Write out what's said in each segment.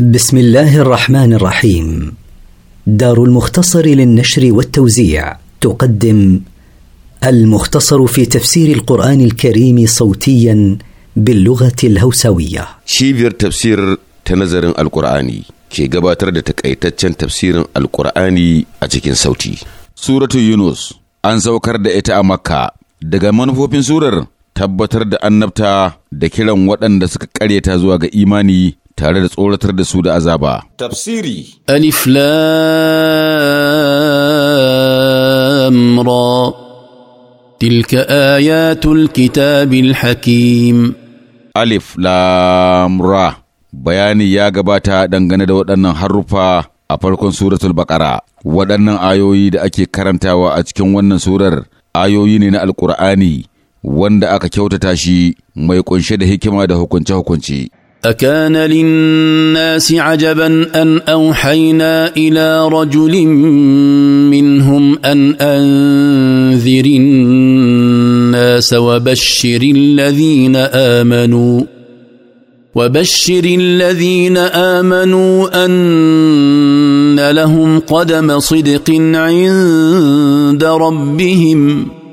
بسم الله الرحمن الرحيم دار المختصر للنشر والتوزيع تقدم المختصر في تفسير القرآن الكريم صوتيا باللغة الهوسوية شيفير تفسير تنظر القرآني كي قباتر تكأيتتشن تفسير القرآني أتكين صوتي سورة يونس أن سوكر دائتا مكة دقا منفو بن سورر تبتر annabta da دكيلا waɗanda دسك ƙaryata zuwa ga tare da tsoratar da su da azaba. Tafsiri Alif Ra Tilka ayatul kitabil hakim Alif lamra Bayani ya gabata dangane da waɗannan haruffa a farkon suratul bakara Waɗannan ayoyi da ake karantawa a cikin wannan surar ayoyi ne na Alƙur'ani wanda aka kyautata shi mai ƙunshe da hikima da hukunce-hukunce. أكان للناس عجبا أن أوحينا إلى رجل منهم أن أنذر الناس وبشر الذين آمنوا وبشر الذين آمنوا أن لهم قدم صدق عند ربهم ۖ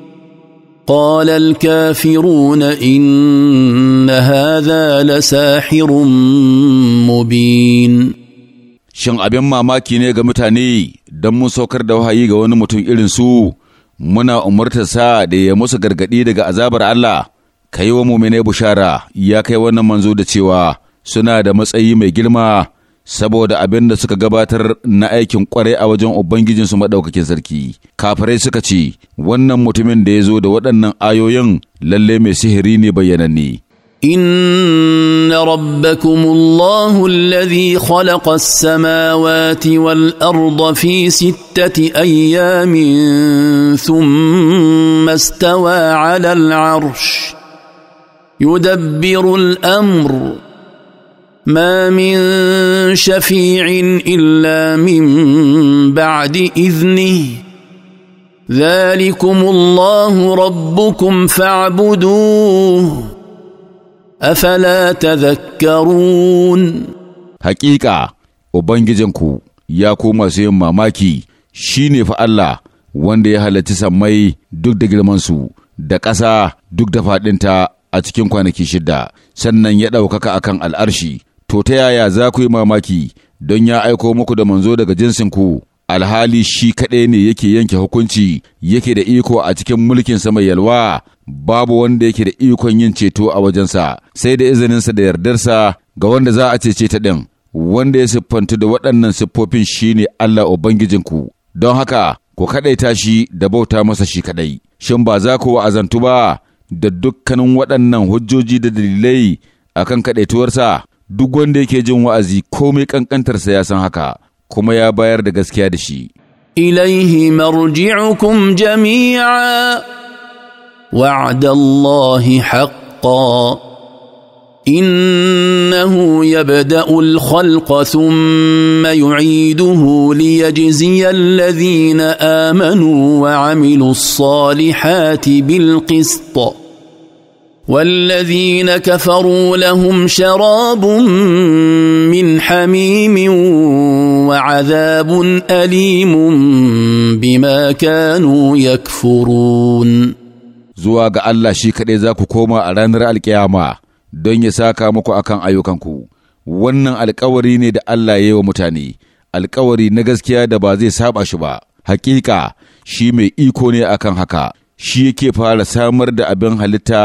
وقال الكافرون ان هذا لساحر مبين shin abin mamaki ne ga mutane don mun saukar da wahayi ga wani mutum irin su muna sa da ya musu gargaɗi daga azabar Allah ka yi wa mumine bushara ya kai wannan manzo da cewa suna da matsayi mai girma saboda abin da suka gabatar na aikin kwarai a wajen Ubangijinsu maɗaukakin sarki. Kafirai suka ce, wannan mutumin da ya zo da waɗannan ayoyin lalle mai sihiri ne bayyananne. إن ربكم الله الذي خلق السماوات والأرض في ستة أيام ثم استوى على العرش يدبر الأمر ما من شفيع الا من بعد اذنه ذلكم الله ربكم فاعبدوه افلا تذكرون حقيقه ubangijinku ya koma su yin mamaki shi ne fa Allah wanda ya halarci sammai duk da girmansu da ƙasa duk da faɗinta a cikin kwanaki shidda sannan ya ɗaukaka akan al'arshi to ta yaya za ku yi mamaki don ya aiko muku da manzo daga jinsinku alhali shi kaɗai ne yake yanke hukunci yake da iko a cikin mulkin mai yalwa babu wanda yake da ikon yin ceto a wajensa sai da izininsa da yardarsa ga wanda za a cece ta ɗin wanda ya siffantu da waɗannan siffofin shine Allah Ubangijinku don haka ku kaɗaita shi da bauta masa shi kaɗai shin ba za ku wa'azantu ba da dukkanin waɗannan hujjoji da dalilai akan kaɗaituwarsa duk wanda yake jin wa'azi komai ƙanƙantarsa ya san haka kuma ya bayar da gaskiya da shi. Ilaihi marji'ukum jami'a wa'adallahi haƙƙa إنه يبدأ الخلق ثم يعيده ليجزي الذين آمنوا وعملوا الصالحات بالقسط والذين كفروا لهم شراب من حميم وعذاب اليم بما كانوا يكفرون zuwa ga Allah shi kaɗai za ku koma a ranar alkiyama don ya saka muku akan ayyukanku wannan alkawari ne da Allah ya yi wa mutane alkawari na gaskiya da ba zai saba shi ba hakika shi mai iko ne akan haka shi yake fara samar da abin halitta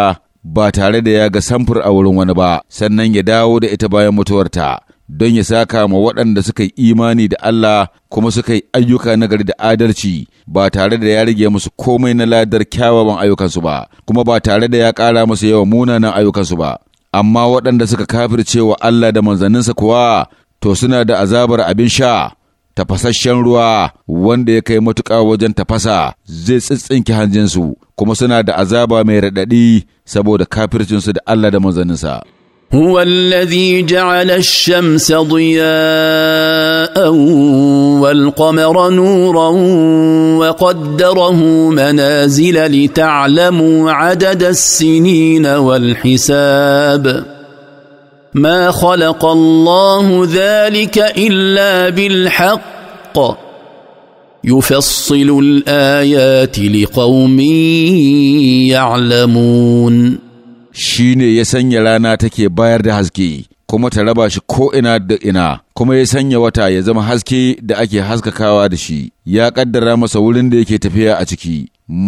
ba tare da ya ga samfur a wurin wani ba sannan ya dawo da ita bayan mutuwarta don ya saka ma waɗanda suka yi imani da Allah kuma suka yi ayyuka nagari da adalci ba tare da ya rage musu komai na ladar kyawawan ayyukansu ba kuma ba tare da ya ƙara musu yawan munanan ayyukansu ba amma waɗanda suka kafirce wa Allah da manzanninsa kuwa to suna da azabar abin sha tafasasshen ruwa wanda ya kai matuƙa wajen tafasa zai tsitsinke hanjinsu kuma suna da azaba mai raɗaɗi saboda kafircinsu da Allah da manzanninsa. هو الذي جعل الشمس ضياء والقمر نورا وقدره منازل لتعلموا عدد السنين والحساب ما خلق الله ذلك الا بالحق يفصل الايات لقوم يعلمون shine ya sanya rana take bayar da haske kuma ta raba shi ko'ina da ina kuma ya sanya wata ya zama haske da ake haskakawa da shi ya ƙaddara masa wurin da yake tafiya a ciki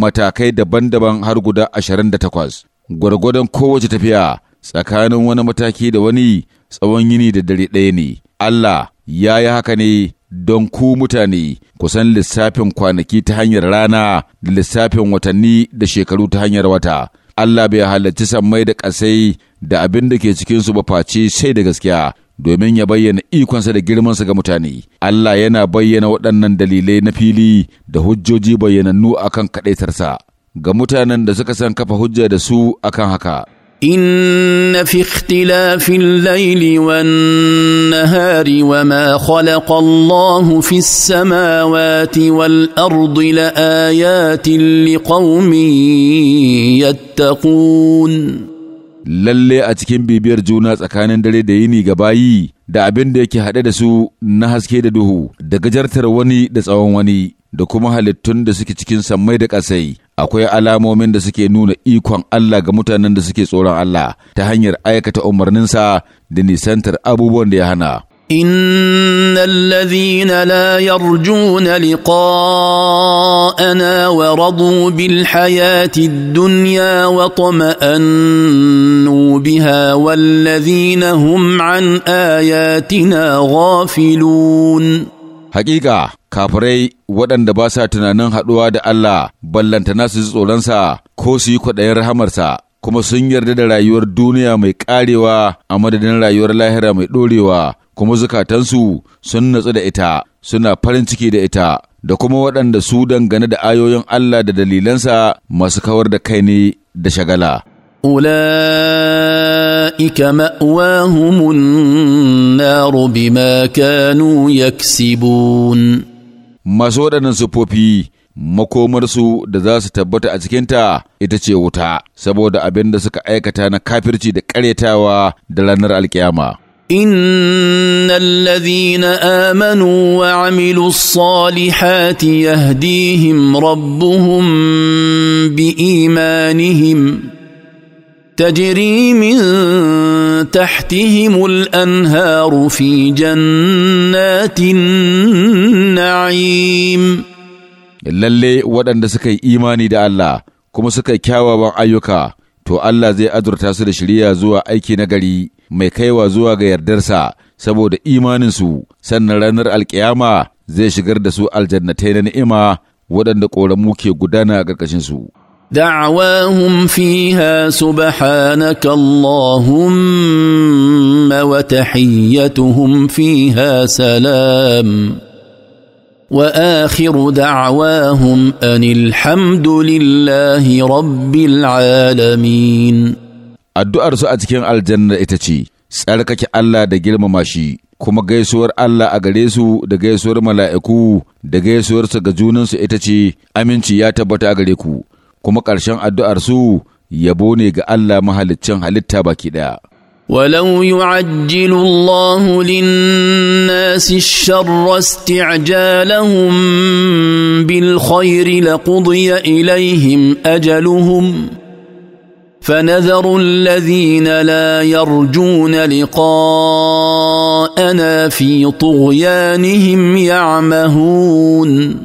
matakai daban-daban har guda ashirin da takwas gwargwadon kowace tafiya tsakanin wani mataki da wani tsawon yini da dare ɗaya ne Allah ya yi haka ne don ku mutane kusan lissafin kwanaki ta hanyar rana da lissafin watanni da shekaru ta hanyar wata. Allah bai halarci sammai da ƙasai da abin da ke cikinsu ba face sai da gaskiya domin ya bayyana ikonsa da girmansa ga mutane. Allah yana bayyana waɗannan dalilai na fili da hujjoji bayyanannu akan kaɗaitarsa ga mutanen da suka san kafa hujja da su akan haka. ان في اختلاف الليل والنهار وما خلق الله في السماوات والارض لايات لقوم يتقون lalle a cikin bibiyar juna tsakanin dare da yini ga bayi da abin da yake haɗe da su na haske da duhu da gajartar wani da tsawon wani da kuma halittun da suke cikin sammai da ƙasai akwai alamomin da suke nuna ikon Allah ga mutanen da suke tsoron Allah ta hanyar aikata umarninsa da nisantar abubuwan da ya hana. ان الذين لا يرجون لقاءنا ورضوا بالحياه الدنيا وطمانوا بها والذين هم عن اياتنا غافلون حقيقه kafirai waɗanda ba sa tunanin haɗuwa da Allah ballanta na su ji tsoronsa ko su yi kwaɗayin rahamarsa kuma sun yarda da rayuwar duniya mai ƙarewa a madadin rayuwar lahira mai ɗorewa kuma zukatansu sun natsu da ita suna farin ciki da ita da kuma waɗanda su dangane da ayoyin Allah da dalilansa masu kawar da kai ne da shagala. أولئك مأواهم النار بما كانوا يكسبون masu waɗannan siffofi makomarsu da za su tabbata a cikinta ita ce wuta saboda abin da suka aikata na kafirci da ƙaretawa da ranar alkiyama. ان الذين امنوا وعملوا الصالحات يهديهم ربهم imanihim تجري من تحتهم الانهار في جنات النعيم lalle waɗanda suka yi imani da Allah kuma suka yi kyawawan ayyuka to Allah zai azurta su da shirya zuwa aiki na gari mai kaiwa zuwa ga yardarsa saboda imaninsu sannan ranar alkiyama zai shigar da su aljannatai na ni'ima waɗanda ƙoramu ke gudana a ƙarƙashinsu. دعواهم فيها سبحانك اللهم وتحيتهم فيها سلام واخر دعواهم ان الحمد لله رب العالمين addu'ar su a cikin aljanna ita ce tsarkake Allah da girmama shi kuma gaisuwar Allah a gare su da gaisuwar mala'iku da gaisuwarsa ga junansu ita ce aminci ya tabbata a gare ku kuma ƙarshen addu'arsu yabo ne ga Allah mahaliccin halitta baki ɗaya. ولو يعجل الله للناس الشر استعجالهم بالخير لقضي اليهم اجلهم فنذر الذين لا يرجون لقاءنا في طغيانهم يعمهون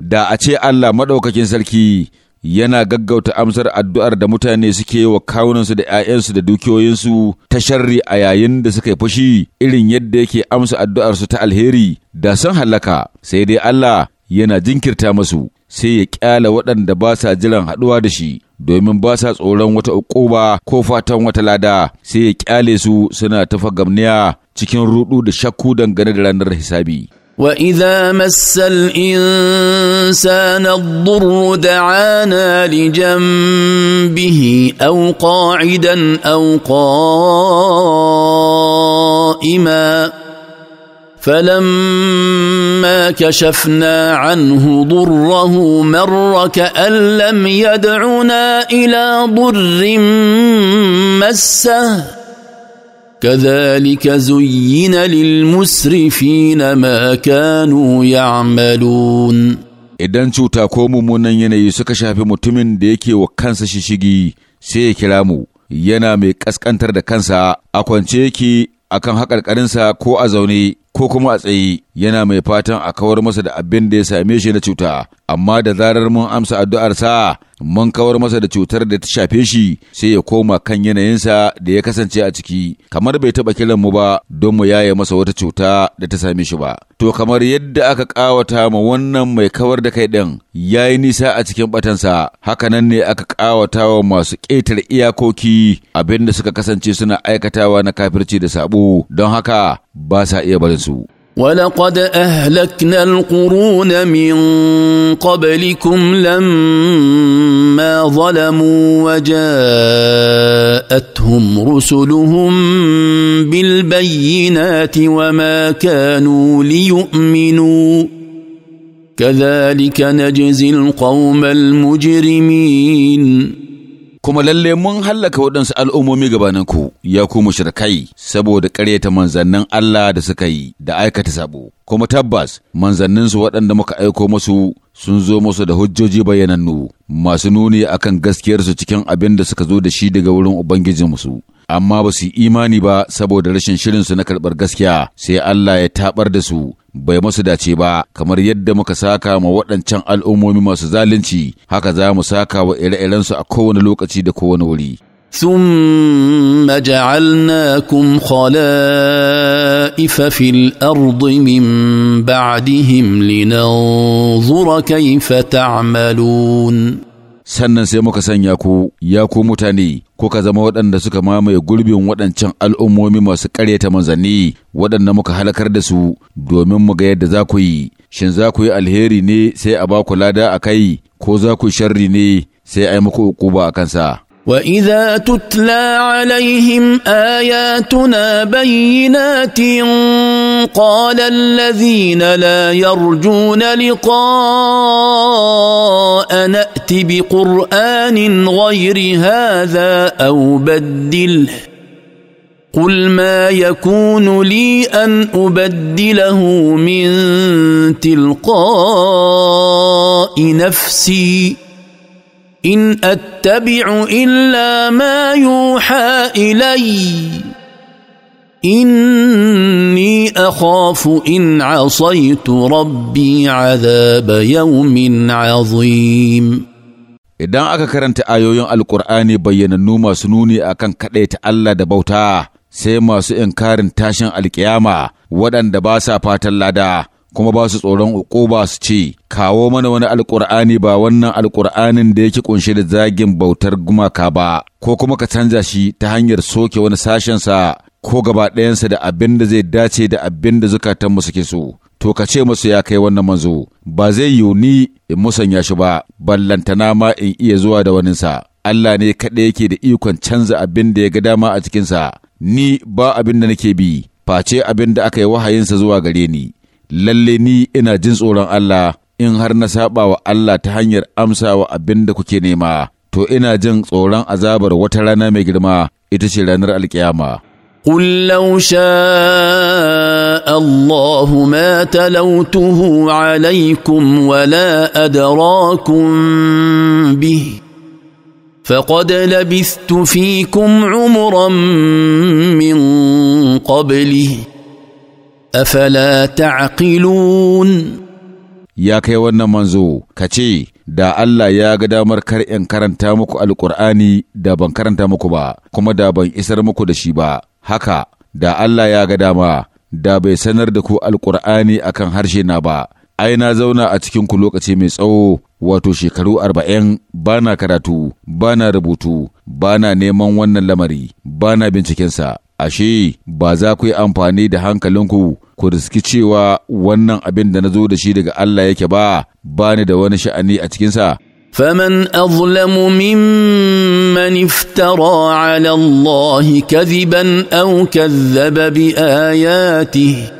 da a ce Allah maɗaukakin sarki yana gaggauta amsar addu'ar da mutane suke wa kawunansu da ‘ya'yansu da dukiyoyinsu ta sharri a yayin da suka yi fushi irin yadda yake amsa addu'arsu ta alheri da sun hallaka sai dai Allah yana jinkirta masu sai ya ƙyala waɗanda ba sa jiran haɗuwa da shi domin ba sa tsoron wata uƙuba ko fatan wata lada sai ya ƙyale su suna tafa gamniya cikin ruɗu da shakku dangane da ranar hisabi. واذا مس الانسان الضر دعانا لجنبه او قاعدا او قائما فلما كشفنا عنه ضره مر كان لم يدعنا الى ضر مسه كذلك زين للمسرفين ما كانوا يعملون idan cuta ko mummunan yanayi suka shafi mutumin da yake wa kansa shishigi sai ya kira mu yana mai ƙasƙantar da kansa a kwance yake akan haƙarƙarinsa ko a zaune ko kuma a tsaye yana mai fatan a kawar masa da abin da ya same shi na cuta amma da zarar mun amsa addu'arsa mun kawar masa da cutar da ta shafe shi sai ya koma kan yanayinsa da ya kasance a ciki kamar bai taɓa kiran mu ba don mu yaye masa wata cuta da ta same shi ba to kamar yadda aka ƙawata ma wannan mai kawar da kai ɗin ya yi nisa a cikin batansa hakanan ne aka ƙawata wa masu ƙetare iyakoki abin da suka kasance suna aikatawa na kafirci da sabo don haka ba sa iya barinsu. ولقد اهلكنا القرون من قبلكم لما ظلموا وجاءتهم رسلهم بالبينات وما كانوا ليؤمنوا كذلك نجزي القوم المجرمين kuma lalle mun hallaka waɗansu al'ummomi gabaninku ya ku mushrikai saboda ƙaryata manzannin Allah da suka yi da aikata sabo kuma tabbas manzanninsu waɗanda muka aiko masu sun zo musu da hujjoji bayanannu masu nuni a kan gaskiyarsu cikin abin da suka zo da shi daga wurin Ubangijinsu. Amma ba su imani ba saboda rashin shirinsu na karɓar gaskiya sai Allah ya taɓar da su bai masu dace ba kamar yadda muka saka ma waɗancan al'ummomi masu zalunci haka za mu saka wa ire-irensu a kowane lokaci da kowane wuri. ثم جعلناكم خلائف في الارض من بعدهم لننظر كيف تعملون sannan sai muka sanya ku ya ku mutane kuka zama waɗanda suka mamaye gurbin waɗancan al'ummomi masu ƙaryata manzanni waɗanda muka halakar da su domin mu ga yadda za ku yi shin za ku yi alheri ne sai a ba ku lada a kai ko za ku sharri ne sai a yi muku ukuba a kansa واذا تتلى عليهم اياتنا بينات قال الذين لا يرجون لقاء نات بقران غير هذا او بدله قل ما يكون لي ان ابدله من تلقاء نفسي ان اتبع الا ما يوحى الي اني اخاف ان عصيت ربي عذاب يوم عظيم idan aka karanta ayoyin alkur'ani bayyanannu masu nuni akan kaɗaita Allah da bauta sai masu inkarin tashin alkiyama waɗanda ba sa fatan lada kuma ba su tsoron uquba su ce kawo mana wani alkur'ani ba wannan alkur'anin da yake kunshe da zagin bautar gumaka ba ko kuma ka canza shi ta hanyar soke wani sashensa ko gaba ɗayansa da abin da zai dace da abin da musu suke so to ka ce musu ya kai wannan manzo ba zai yiwu ni in musanya shi ba ballantana ma in iya zuwa da wani sa Allah ne kaɗai yake da ikon canza abin da ya ga dama a cikinsa ni ba abin da nake bi face abin da aka yi wahayinsa zuwa gare ni lalle ni ina jin tsoron Allah in har na saba wa Allah ta hanyar amsawa abin da kuke nema, to ina jin tsoron azabar wata rana mai girma ita ce ranar alkiyama. قل لو شاء الله ما تلوته عليكم ولا ادراكم به فقد لبثت فيكم عمرا من قبله أفلا تعقلون ya kai wannan manzo ka ce da Allah ya ga damar kar in karanta muku alkur'ani da ban karanta muku ba kuma da ban isar muku da shi ba haka da Allah ya ga dama da bai sanar da ku alkur'ani akan harshe na ba ai na zauna a cikin ku lokaci mai tsawo wato shekaru arba'in bana karatu bana rubutu bana neman wannan lamari bana sa ashe ba za ku yi amfani da hankalinku ku riski cewa wannan abin da na zo da shi daga Allah yake ba ba ni da wani sha'ani a cikinsa. فمن أظلم ممن افترى على الله كذبا أو كذب بآياته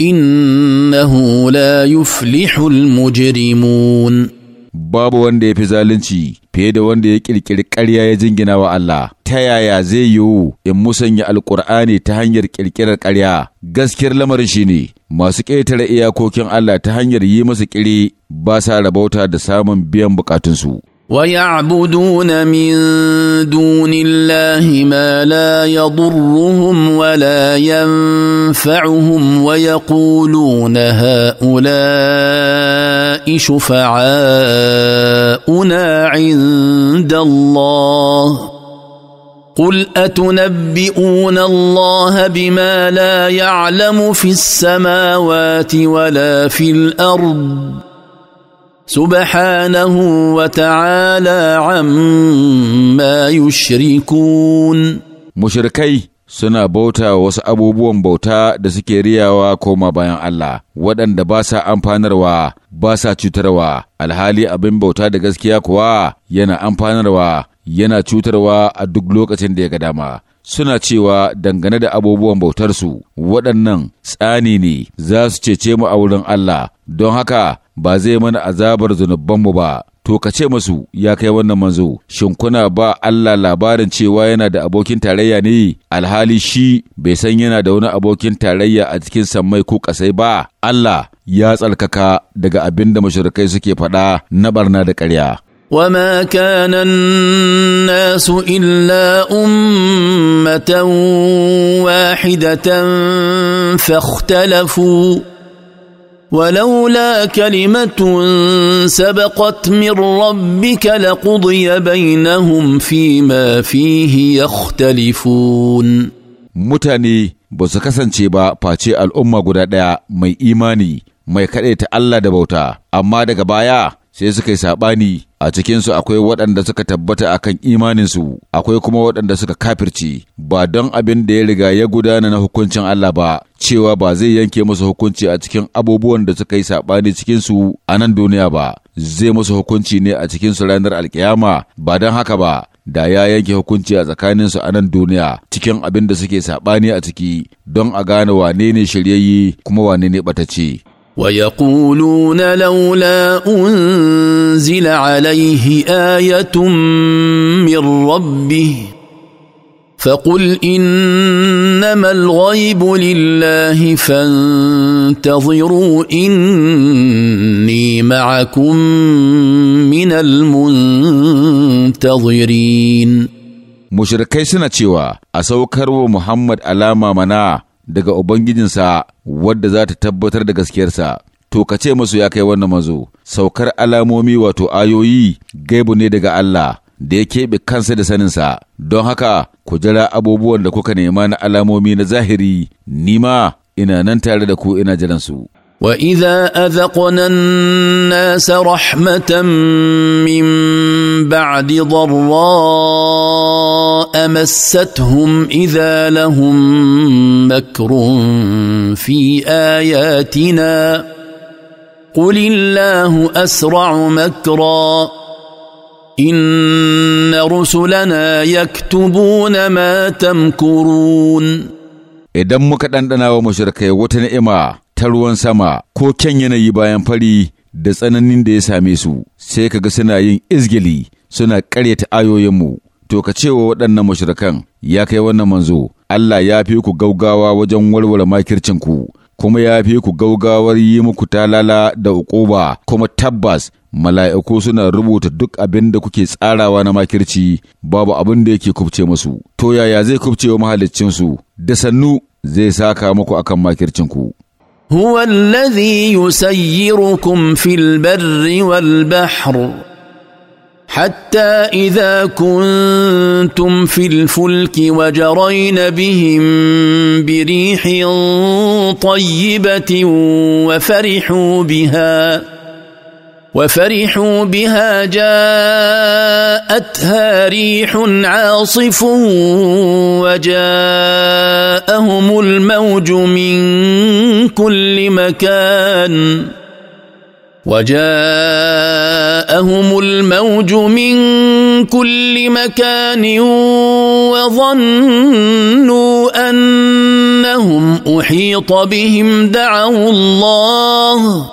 إنه لا يفلح المجرمون babu wanda ya fi zalunci fiye da wanda ya ƙirƙiri ƙarya ya jingina wa Allah ta yaya zai yiwu in musanya alƙur'ani ta hanyar ƙirƙirar ƙarya gaskiyar lamarin shi ne, masu ƙetare iyakokin Allah ta hanyar yi masa ƙiri ba sa rabauta da samun biyan bukatunsu ويعبدون من دون الله ما لا يضرهم ولا ينفعهم ويقولون هؤلاء شفعاؤنا عند الله قل اتنبئون الله بما لا يعلم في السماوات ولا في الارض سبحانه وتعالى عما يشركون Mushirikai suna bauta wasu abubuwan bauta da suke riyawa koma bayan Allah waɗanda ba sa amfanarwa ba sa cutarwa alhali abin bauta da gaskiya kuwa yana amfanarwa yana cutarwa a duk lokacin da ya ga dama suna cewa dangane da abubuwan bautarsu waɗannan tsani ne za su cece mu a wurin Allah don haka ba zai mana azabar zunubanmu ba to ka ce masu ya kai wannan manzo shin kuna ba Allah labarin cewa yana da abokin tarayya ne alhali shi bai san yana da wani abokin tarayya a cikin sammai ko kasai ba Allah ya tsalkaka daga abin da mashirkai suke faɗa na barna da ƙarya وما كان الناس الا امه واحده فاختلفوا ولولا كلمه سبقت من ربك لقضي بينهم فيما فيه يختلفون mutane ba su kasance ba face al'umma guda ɗaya mai imani mai kaɗaita Allah da bauta amma daga baya sai suka yi saɓani a cikinsu akwai waɗanda suka tabbata akan imaninsu akwai kuma waɗanda suka kafirci ba don abin da ya riga ya gudana na hukuncin Allah ba cewa ba zai yanke musu hukunci a cikin abubuwan da suka yi saɓani cikinsu a nan duniya ba, zai musu hukunci ne a cikinsu ranar alkiyama ba don haka ba, da ya yanke hukunci a tsakaninsu a nan duniya cikin abin da suke saɓani a ciki don a gane wane ne shiryayye kuma wane ne ɓatacce. ويقولون لولا أنزل عليه آية من ربه فقل انما الغيب لله فانتظروا اني معكم من المنتظرين mushrikai suna cewa a saukar wa Muhammad alama mana daga Ubangijinsa wadda za ta tabbatar da gaskiyarsa, to ka ce masu ya kai wannan mazo, saukar alamomi wato ayoyi gaibu ne daga Allah da ya keɓe kansa da saninsa, don haka ku jira abubuwan da kuka nema na alamomi na zahiri, nima ina nan tare da ku ina jiransu. واذا اذقنا الناس رحمه من بعد ضراء مستهم اذا لهم مكر في اياتنا قل الله اسرع مكرا ان رسلنا يكتبون ما تمكرون idan muka ɗanɗana wa mashirkai wata ni'ima ta ruwan sama ko kyan yanayi bayan fari da tsananin da ya same su sai ka ga suna yin izgili suna ƙaryata ayoyinmu to ka cewa waɗannan mashirkan ya kai wannan manzo Allah ya fi ku gaugawa wajen warware makircinku kuma ya fi ku gaugawar yi muku talala da ukuba kuma tabbas mala'iku suna rubuta duk abin da kuke tsarawa na makirci babu abin da yake kubce musu to yaya zai kubce wa mahaliccinsu da sannu zai saka muku akan makircinku هو الذي يسيركم في البر والبحر حتى اذا كنتم في الفلك وجرين بهم بريح طيبه وفرحوا بها وفرحوا بها جاءتها ريح عاصف وجاءهم الموج من كل مكان وجاءهم الموج من كل مكان وظنوا انهم احيط بهم دعوا الله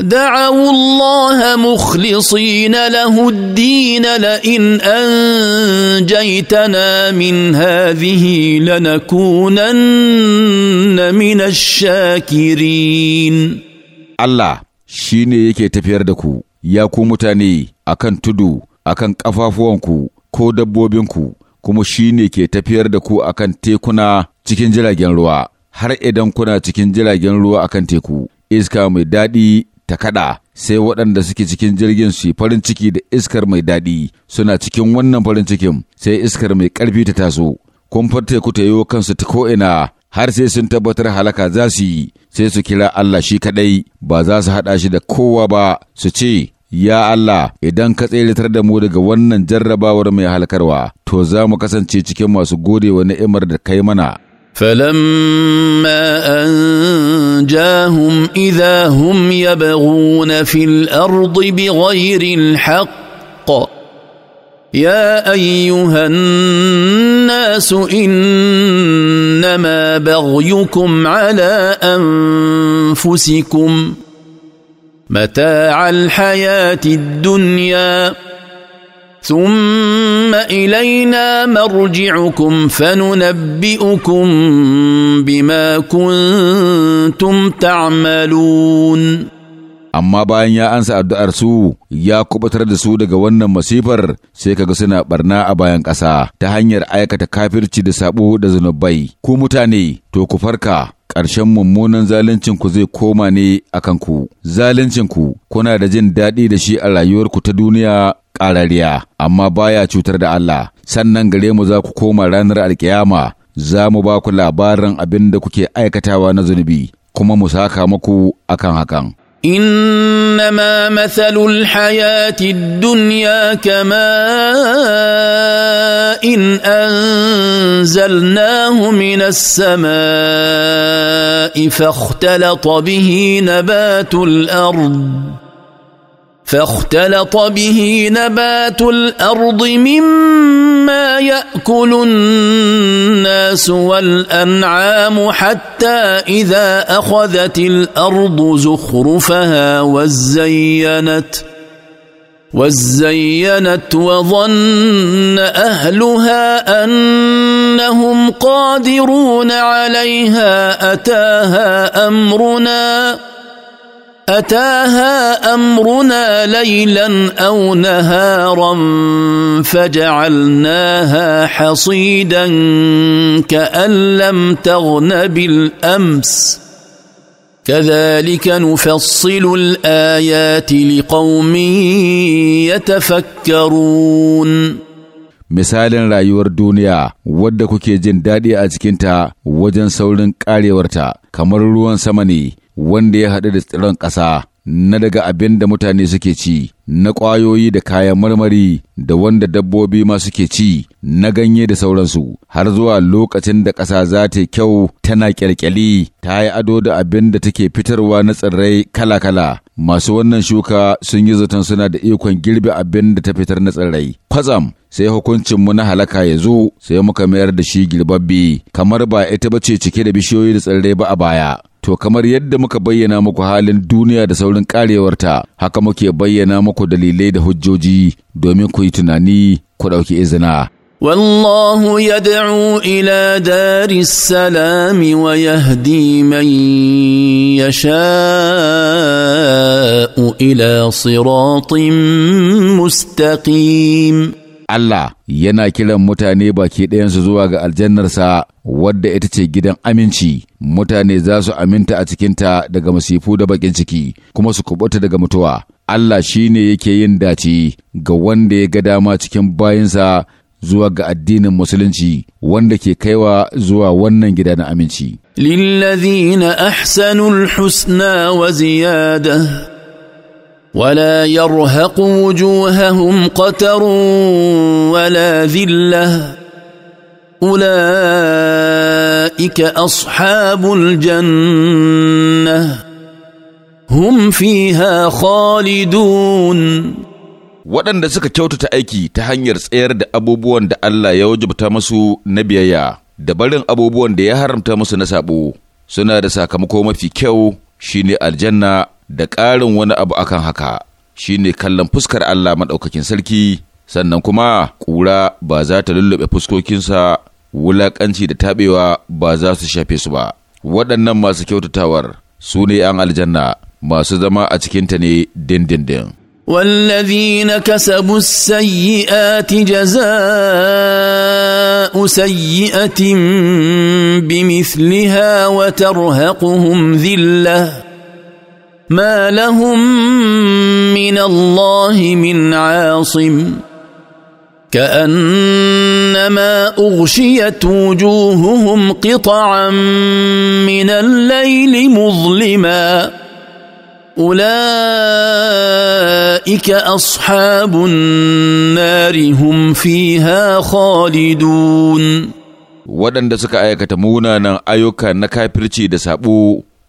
دعوا الله مخلصين له الدين لئن انجيتنا من هذه لنكونن من الشاكرين الله shi ne yake tafiyar da ku, ya ku mutane a kan tudu, a kan ƙafafuwanku ko dabbobinku, kuma shi ne ke tafiyar da ku a kan tekuna cikin jiragen ruwa, har idan kuna cikin jiragen ruwa a kan teku, iska mai daɗi ta kaɗa. Sai waɗanda suke cikin jirgin su farin ciki da iskar mai daɗi suna cikin wannan farin cikin sai iskar mai ƙarfi ta taso, kumfar teku ta yi kansu ta ko'ina har sai sun tabbatar halaka za su yi sai su kira Allah shi kaɗai ba za su haɗa shi da kowa ba su ce Ya Allah, idan ka tsayar da mu daga wannan jarrabawar mai halkarwa, to za mu kasance cikin masu gode wa ni'imar da kai mana. فلما أنجاهم إذا هم يبغون في الأرض بغير الحق يا ايها الناس انما بغيكم على انفسكم متاع الحياه الدنيا ثم الينا مرجعكم فننبئكم بما كنتم تعملون amma bayan ya ansa addu'ar su ya kubutar da su daga wannan masifar sai kaga suna barna a bayan ƙasa ta hanyar aikata kafirci da sabo da zunubai ku mutane to ku farka ƙarshen mummunan ku zai koma ne a kanku ku kuna da jin daɗi da shi a rayuwarku ta duniya ƙarariya amma baya cutar da Allah sannan gare mu za ku koma ranar alkiyama za mu ba ku labarin abin da kuke aikatawa na zunubi kuma mu saka muku akan hakan انما مثل الحياه الدنيا كماء إن انزلناه من السماء فاختلط به نبات الارض فاختلط به نبات الارض مما ياكل الناس والانعام حتى اذا اخذت الارض زخرفها وزينت وزينت وظن اهلها انهم قادرون عليها اتاها امرنا أتاها أمرنا ليلا أو نهارا فجعلناها حصيدا كأن لم تغن بالأمس كذلك نفصل الآيات لقوم يتفكرون مثال رأيور دنيا ودكو كي جن دادي أجكنتا وجن سولن كاريورتا كمرلوان سمني wanda ya haɗu da tsiron ƙasa na daga abin da mutane suke ci, na ƙwayoyi da kayan marmari da wanda dabbobi ma suke ci, na ganye da sauransu, har zuwa lokacin da ƙasa za ta kyau tana ƙyalƙyali, ta yi ado da abin da take fitarwa na tsirrai kala-kala. Masu wannan shuka sun yi zaton suna da ikon girbe abin da ta fitar na tsirrai. Kwatsam sai hukuncinmu na halaka ya zo sai muka mayar da shi girbabbe, kamar ba ita ba ce cike da bishiyoyi da tsirrai ba a baya. to kamar yadda muka bayyana muku halin duniya da saurin karewarta haka muke bayyana muku dalilai da hujjoji domin ku yi tunani ku ɗauki izina والله يدعو الى دار السلام ويهدي من يشاء ila صراط مستقيم Allah yana kiran mutane baki ɗayansu zuwa ga aljannarsa wadda ita ce gidan aminci mutane za su aminta a cikinta daga masifu da bakin ciki kuma su kubuta daga mutuwa Allah shi ne yake yin dace ga wanda ya ga dama cikin bayinsa zuwa ga addinin musulunci wanda ke kaiwa zuwa wannan gida na aminci. Lillazina ahsanul husna wa ziyada ولا يرهق وجوههم قتر ولا ذله اولئك اصحاب الجنه هم فيها خالدون waɗanda suka kyautata aiki ta hanyar tsayar da abubuwan da Allah ya wajabta musu na biyayya da barin abubuwan da ya haramta musu na saɓo suna da sakamako mafi kyau shine aljanna da ƙarin wani abu akan haka shi ne kallon fuskar Allah maɗaukakin sarki sannan kuma ƙura ba za ta lullube fuskokinsa wulaƙanci da taɓewa ba za su shafe su ba waɗannan masu kyautatawar su ne an aljanna masu zama a cikinta ne dindindin. والذين كسبوا السيئات جزاء سيئه بمثلها وترهقهم ذله ما لهم من الله من عاصم كانما اغشيت وجوههم قطعا من الليل مظلما اولئك اصحاب النار هم فيها خالدون ودن دسك aikata munanan ايوكا na kafirci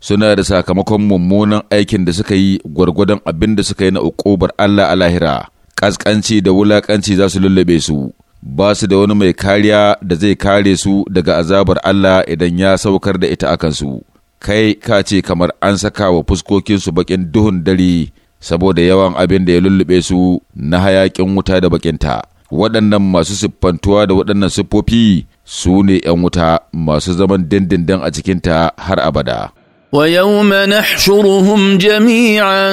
suna da sakamakon mummunan aikin da suka yi gwargwadon abin da suka yi na ukubar Allah a lahira, ƙasƙanci da wulaƙanci za su lullube su, ba su da wani mai kariya da zai kare su daga azabar Allah idan ya saukar da ita akan su. Kai ka ce kamar an saka wa fuskokinsu baƙin duhun dare saboda yawan abin da ya lullube su na hayaƙin wuta da baƙinta. Waɗannan masu siffantuwa da waɗannan siffofi su ne ‘yan wuta masu zaman dindindin a cikinta har abada. ويوم نحشرهم جميعا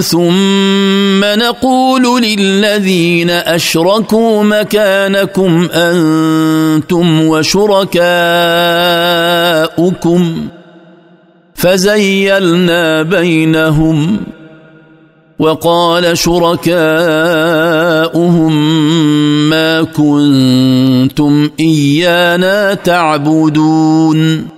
ثم نقول للذين اشركوا مكانكم انتم وشركاؤكم فزيلنا بينهم وقال شركاؤهم ما كنتم ايانا تعبدون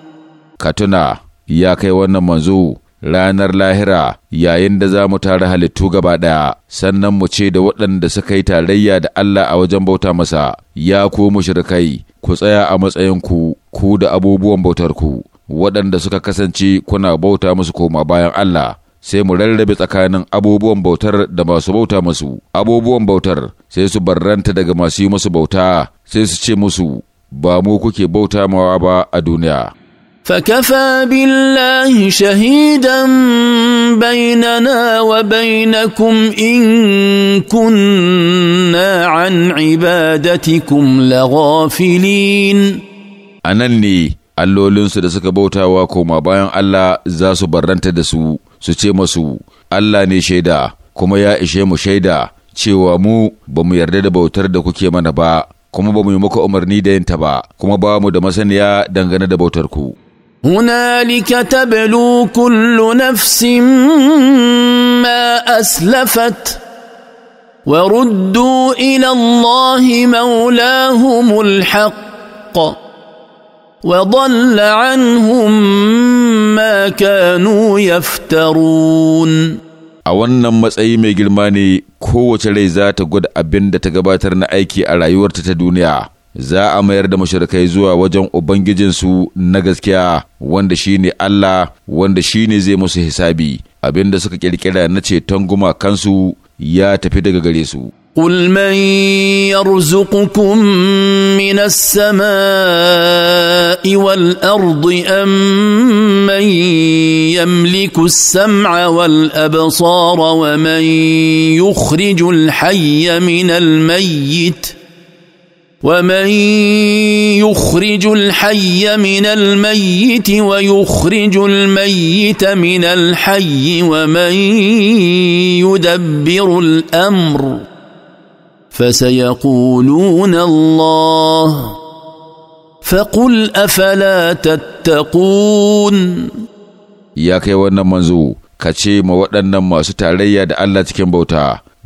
ya kai wannan manzo ranar lahira yayin da za mu tara halittu gaba ɗaya sannan mu ce da waɗanda suka yi tarayya da Allah a wajen bauta masa ya ku mushrikai ku tsaya a matsayinku ku da abubuwan bautarku waɗanda suka kasance kuna bauta musu koma bayan Allah sai mu rarrabe tsakanin abubuwan bautar da masu bauta musu abubuwan bautar sai su barranta daga masu yi musu bauta sai su ce musu ba mu kuke bauta mawa ba a duniya فكفى بالله شهيدا بيننا وبينكم ان كنا عن عبادتكم لغافلين anan ne allolinsu da suka bauta wa koma bayan Allah za su barranta da su su ce masu Allah ne shaida kuma ya ishe mu shaida cewa mu ba mu yarda da bautar da kuke mana ba kuma ba mu yi muku umarni da yinta ba kuma ba mu da masaniya dangane da bautar ku هنالك تبلو كل نفس ما اسلفت وردوا الى الله مولاهم الحق وضل عنهم ما كانوا يفترون a wannan matsayi mai girma ne kowace rai za ta gwada abin da ta gabatar na aiki a rayuwarta ta duniya za a mayar da mashirkai zuwa wajen Ubangijinsu na gaskiya wanda shi ne Allah wanda shi ne zai musu hisabi abin da suka ƙirƙira na ceton gumakansu ya tafi daga gare su. قل من يرزقكم من السماء والارض ام من يملك السمع والابصار ومن يخرج الحي من الميت ومن يخرج الحي من الميت ويخرج الميت من الحي ومن يدبر الامر فسيقولون الله فقل افلا تتقون يا كي wannan manzo ka ce ma waɗannan masu tarayya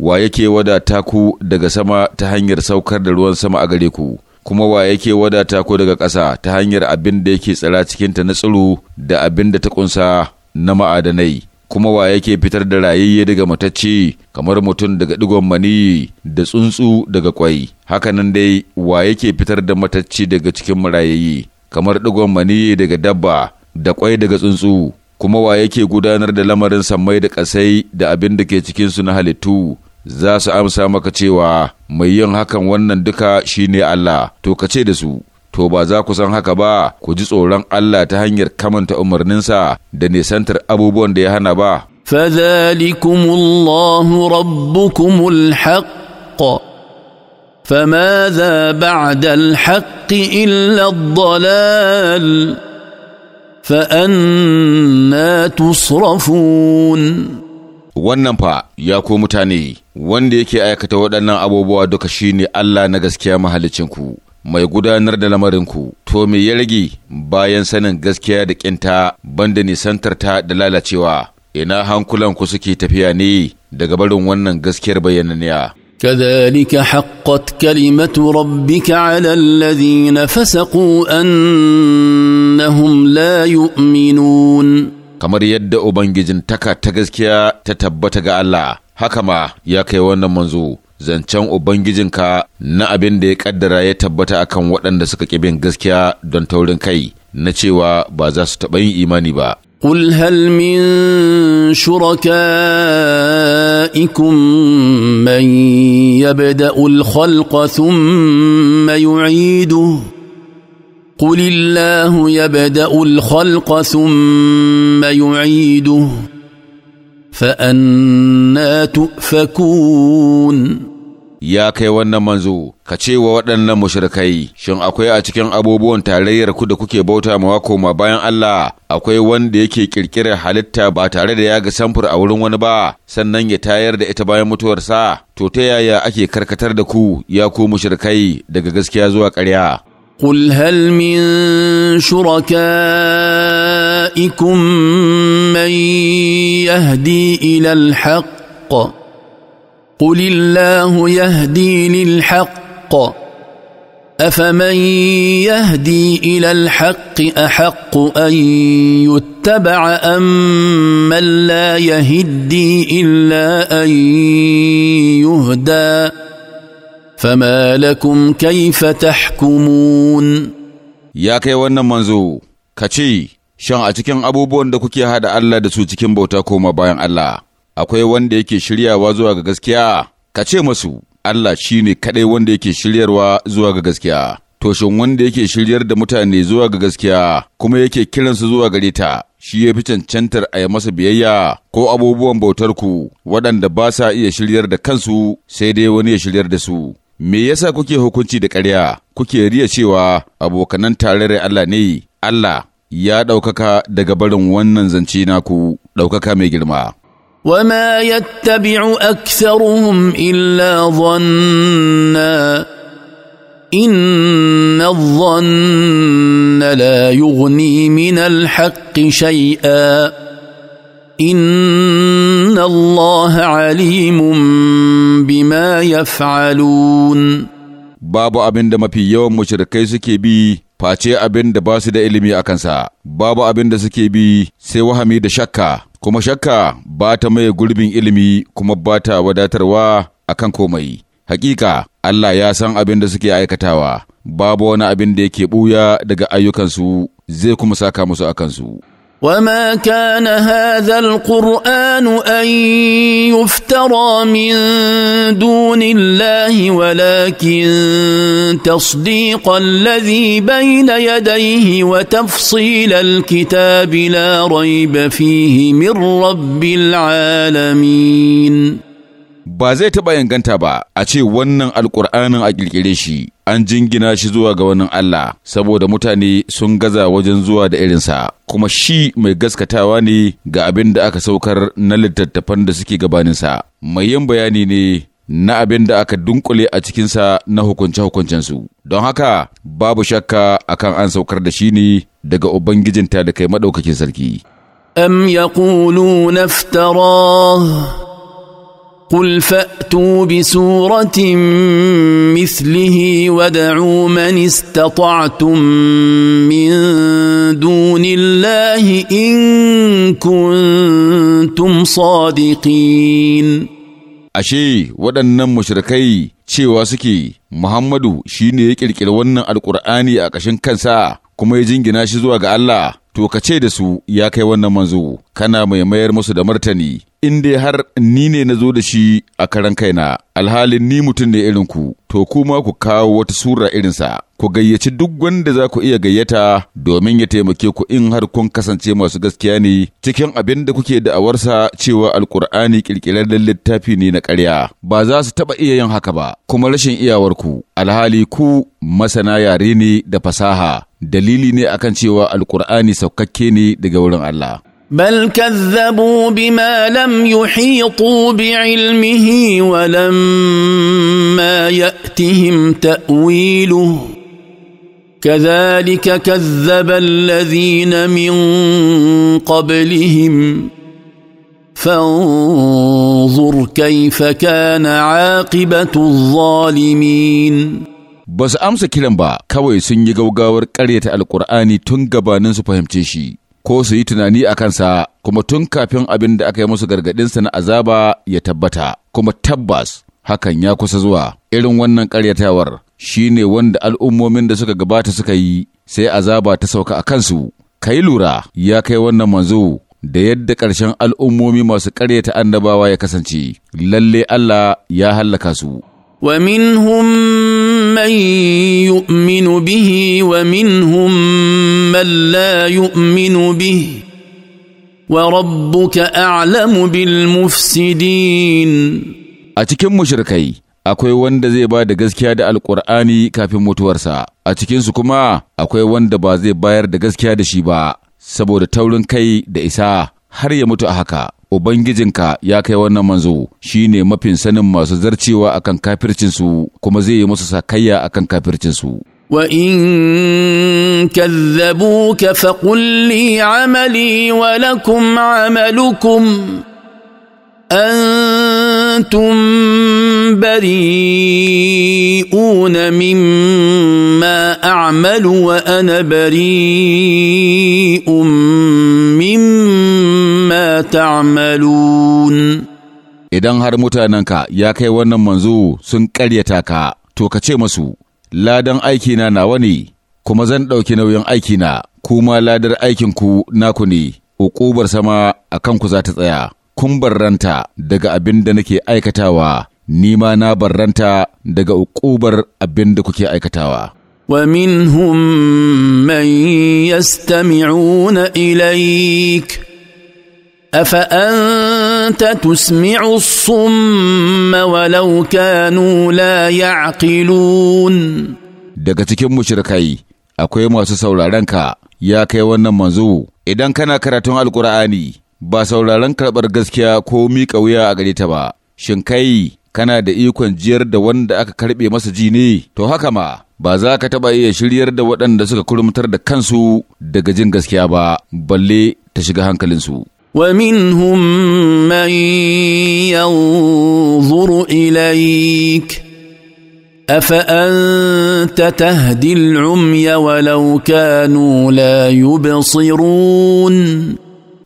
wa yake wadata ku daga sama ta hanyar saukar da ruwan sama a gare ku kuma wa yake wadata ku daga ƙasa ta hanyar abin da yake tsira cikinta na tsiro da abin da ta ƙunsa na ma'adanai kuma wa yake fitar da rayayye daga matacce kamar mutum daga digon maniyi da tsuntsu daga kwai hakanan dai wa yake fitar da matacce daga cikin marayayye kamar digon maniyi daga dabba da kwai daga tsuntsu kuma wa yake gudanar da lamarin sammai da ƙasai da abin da ke cikinsu na halittu za su amsa maka cewa mai yin hakan wannan duka shine Allah to ka ce da su to ba za ku san haka ba ku ji tsoron Allah ta hanyar kamanta umarninsa da nisantar abubuwan da ya hana ba فذلكم الله ربكم الحق فماذا بعد illa إلا الضلال فأنا تصرفون wannan fa ya ko mutane wanda yake aikata waɗannan abubuwa duka shine Allah na gaskiya mahalicinku mai gudanar da lamarinku to me ya rage bayan sanin gaskiya da ƙinta banda ta da lalacewa ina hankulanku suke tafiya ne daga barin wannan gaskiyar bayyananiya كذلك حقت كلمة ربك على الذين فسقوا أنهم لا يؤمنون kamar yadda Ubangijin taka ta gaskiya ta tabbata ga Allah haka ma ya kai wannan manzo zancen ubangijinka na abin da ya kaddara ya tabbata akan waɗanda suka ƙi bin gaskiya don taurin kai na cewa ba za su taɓa yin imani ba قل هل من شركائكم من يبدا الخلق ثم يعيده قل الله يبدا الخلق ثم يعيده فأنا تؤفكون ya kai wannan manzo ka ce wa waɗannan mushrikai shin akwai a cikin abubuwan tarayyar ku da kuke bauta mawa ma bayan Allah akwai wanda yake kirkirar halitta ba tare da ya ga samfur a wurin wani ba sannan ya tayar da ita bayan mutuwarsa to ta yaya ake karkatar da ku ya ku mushrikai daga gaskiya zuwa ƙarya قل هل من شركائكم من يهدي الى الحق قل الله يهدي للحق افمن يهدي الى الحق احق ان يتبع امن أم لا يهدي الا ان يهدي فما لكم كيف تحكمون يا كي wannan manzo kace shan a cikin abubuwan da kuke hada Allah da su cikin bauta koma bayan Allah akwai wanda yake shiryawa zuwa ga gaskiya kace masu Allah shine kadai wanda yake shiryarwa zuwa ga gaskiya to shin wanda yake shiryar da mutane zuwa ga gaskiya kuma yake kiransu zuwa gare ta shi ya fi cancantar a yi masa biyayya ko abubuwan bautar ku, waɗanda ba sa iya shiryar da kansu sai dai wani ya shiryar da su Me yasa kuke hukunci da ƙarya, kuke riya cewa abokanan tarayyar Allah ne, Allah ya ɗaukaka daga barin wannan zance naku ɗaukaka mai girma. وما يتبع اكثرهم الا ظنا ان الظن لا يغني من الحق شيئا ان الله عليم بما يفعلون babu abin da mafi yawan mushrikai suke bi face abin da ba su da ilimi a kansa babu abin da suke bi sai wahami da shakka kuma shakka ba ta maye gurbin ilimi kuma ba ta wadatarwa akan komai hakika Allah ya san abin da suke aikatawa babu wani abin da yake buya daga ayyukansu zai kuma saka musu kansu. وما كان هذا القران ان يفترى من دون الله ولكن تصديق الذي بين يديه وتفصيل الكتاب لا ريب فيه من رب العالمين ba zai taɓa inganta ba a ce wannan alƙur'anin a ƙirƙire shi an jingina shi zuwa ga wannan Allah saboda mutane sun gaza wajen zuwa da irinsa kuma shi mai gaskatawa ne ga abin da aka saukar na littattafan da suke gabaninsa mai yin bayani ne na abin da aka dunkule a cikinsa na hukunce-hukuncensu, don haka babu shakka akan an saukar da shi ne daga Ubangijinta da kai maɗaukakin sarki. Am yaquluna قل فاتوا بسوره مثله وادعوا من استطعتم من دون الله ان كنتم صادقين ashe waɗannan mushrikai cewa suke muhammadu shine ya ƙirƙiri wannan alƙur'ani a ƙashin kansa kuma ya jingina shi zuwa ga allah to ka ce da su ya kai wannan manzo kana mai mayar musu da martani in dai har ni ne na zo da shi a karan kaina alhalin ni mutum ne irin ku to kuma ku kawo wata sura irinsa ku gayyaci duk wanda za ku iya gayyata domin ya taimake ku in har kun kasance masu gaskiya ne cikin abin da kuke da'awarsa cewa alkur'ani kirkirar littafi ne na karya. ba za su taɓa iya yin haka ba kuma rashin iyawarku alhali ku masana yare ne da fasaha dalili ne akan cewa alkur'ani saukakke ne daga wurin Allah بل كذبوا بما لم يحيطوا بعلمه ولما ياتهم تاويله كذلك كذب الذين من قبلهم فانظر كيف كان عاقبه الظالمين ba su amsa kiran ba kawai sun yi gaugawar ƙaryata alkur'ani tun gabanin su fahimce shi ko su yi tunani a kansa kuma tun kafin abin da aka yi musu gargaɗinsa na azaba ya tabbata kuma tabbas hakan ya kusa zuwa irin wannan ƙaryatawar ne wanda al'ummomin da suka gabata suka yi sai azaba ta sauka a kansu kai lura ya kai wannan manzo da yadda ƙarshen al'ummomi masu ƙaryata annabawa ya kasance lalle Allah ya hallaka su ومنهم من يؤمن به ومنهم من لا يؤمن به وربك أعلم بالمفسدين a cikin mushrikai akwai wanda zai ba da gaskiya da alkur'ani kafin mutuwarsa a cikinsu kuma akwai wanda ba zai bayar da gaskiya da shi ba saboda taurin kai da isa har ya mutu a haka ubangijinka ya kai wannan manzo shine mafin sanin masu zarcewa akan kafircinsu kuma zai yi musu sakayya akan kafircinsu وان كذبوك فقل لي عملي ولكم عملكم انتم بريئون مما اعمل وانا بريء مما تعملون idan har mutanenka ya kai wannan manzo sun ƙaryata ka to ka ce masu ladan aikina nawa ne, kuma zan ɗauki nauyin aikina, kuma ladar aikinku naku ne, uƙubar sama a kanku za ta tsaya, kun barranta daga abin da nake aikatawa, ni ma na barranta daga uƙubar abin da kuke aikatawa. ومنهم من يستمعون إليك أفأنت انت تسمع الصم ولو كانوا لا يعقلون daga cikin mushrikai akwai masu sauraron ka ya kai wannan manzo idan kana karatun alkur'ani ba sauraron karɓar gaskiya ko miƙa wuya a gare ta ba shin kai kana da ikon jiyar da wanda aka karɓe masa ji ne to haka ma ba za ka taɓa iya shiryar da waɗanda suka kurmutar da kansu daga jin gaskiya ba balle ta shiga hankalinsu ومنهم من ينظر اليك افانت تهدي العمي ولو كانوا لا يبصرون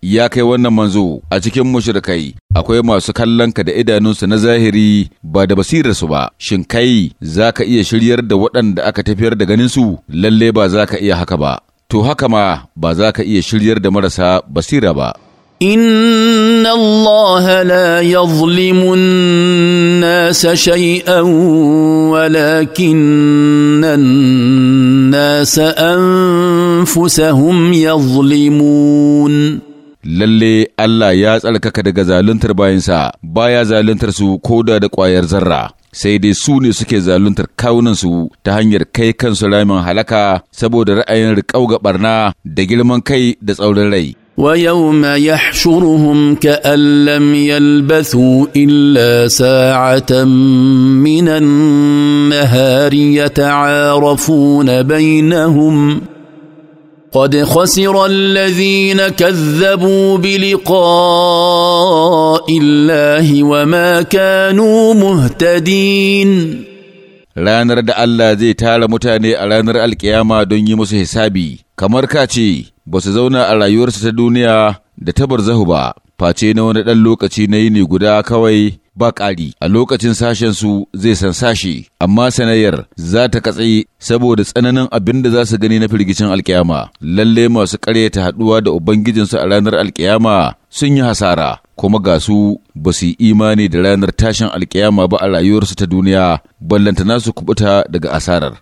ya kai wannan manzo a cikin mushrikai akwai masu kallon ka da idanunsu na zahiri ba da basirarsu ba shin kai za ka iya shiryar da waɗanda aka tafiyar da ganinsu lalle ba za ka iya haka ba to haka ma ba za ka iya shiryar da marasa basira ba ان الله لا يظلم الناس شيئا ولكن الناس انفسهم يظلمون lalle Allah ya tsarkaka daga zaluntar bayansa baya zaluntar su koda da ƙwayar zarra sai dai su ne suke zaluntar kawunansu ta hanyar kai kansu ramin halaka saboda ra'ayin riƙau ga barna da girman kai da tsaurin rai ويوم يحشرهم كأن لم يلبثوا إلا ساعة من النهار يتعارفون بينهم قد خسر الذين كذبوا بلقاء الله وما كانوا مهتدين ranar da Allah zai tara mutane a ranar alkiyama don yi musu hisabi, kamar ka ce, ba su zauna a rayuwarsa ta duniya da ta zahu ba, face na wani ɗan lokaci na yi ne guda kawai ba ƙari a lokacin sashensu zai san sashe, amma sanayyar za ta katse saboda tsananin abin da za su gani na firgicin alkiyama, lalle masu ta haɗuwa da Ubangijinsu a ranar alkiyama sun yi hasara. kuma ga su ba su yi imani da ranar tashin alkiyama ba a rayuwarsu ta duniya ballantana su kubuta daga asarar.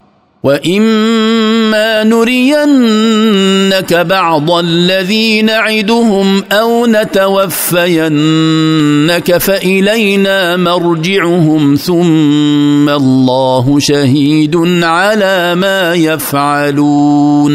وإما نرينك بعض الذي نعدهم أو نتوفينك فإلينا مرجعهم ثم الله شهيد على ما يفعلون.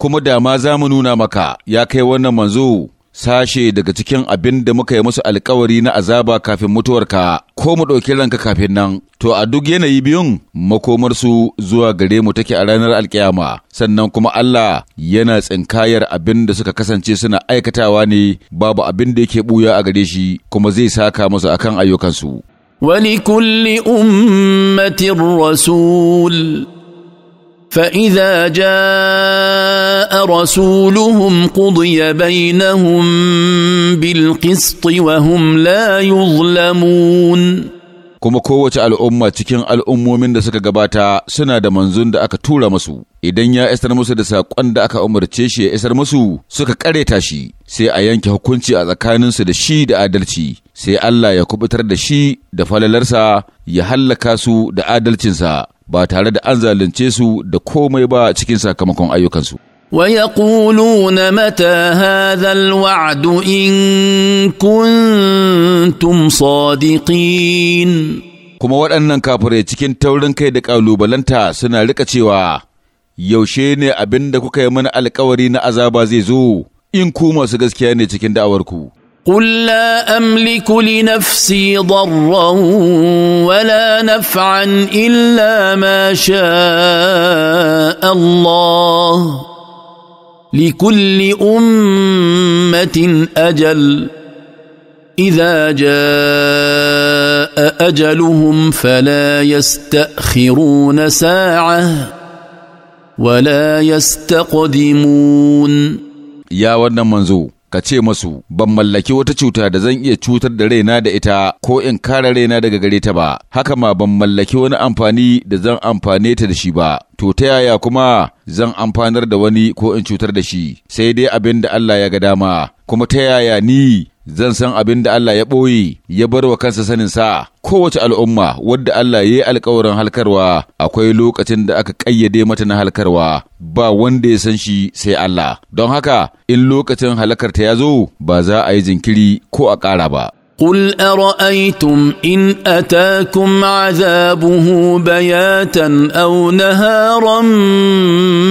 kuma dama ma za mu nuna maka ya kai wannan manzo sashe daga cikin abin da muka yi musu alkawari na azaba kafin mutuwarka ko mu ɗauki ranka kafin nan to a duk yanayi biyun makomarsu zuwa gare mu take a ranar alkiyama sannan kuma Allah yana tsinkayar abin da suka kasance suna aikatawa ne babu abin da yake buya a gare shi kuma zai saka musu akan ayyukansu Wani ولكل أمة rasul فاذا جاء رسولهم قضي بينهم بالقسط وهم لا يظلمون kuma kowace al'umma cikin al'ummomin da suka gabata suna da manzon da aka tura masu idan ya isar musu da saƙon da aka umarce shi ya isar musu suka ƙareta shi sai a yanke hukunci a tsakaninsu da shi da adalci sai Allah ya kubutar da shi da falalarsa ya hallaka su da adalcinsa ba tare da an zalunce su da komai ba cikin sakamakon ayyukansu. ويقولون متى هذا الوعد إن كنتم صادقين kuma waɗannan kafirai cikin taurin kai da ƙalubalanta suna rika cewa yaushe ne abin da kuka yi mana alkawari na azaba zai zo in ku masu gaskiya ne cikin da'awarku. قل لا املك لنفسي ضرا ولا نفعا الا ما شاء الله لكل امه اجل اذا جاء اجلهم فلا يستاخرون ساعه ولا يستقدمون يا ودنا منزو ka ce masu ban mallaki wata cuta da zan iya cutar da raina da ita ko in kare raina daga gare ta ba haka ma ban mallaki wani amfani da zan amfane ta da shi ba to ta yaya kuma zan amfanar da wani ko in cutar da shi sai dai abin da Allah ya ga dama kuma ta yaya ni zan san abin da Allah ya ɓoye ya bar wa kansa sanin sa kowace al'umma wadda Allah ya yi alkawarin halkarwa akwai lokacin da aka ƙayyade mata na halkarwa ba wanda ya san shi sai Allah don haka in lokacin halakarta ya zo ba za a yi jinkiri ko a ƙara ba قل ارايتم ان اتاكم عذابه بياتا او نهارا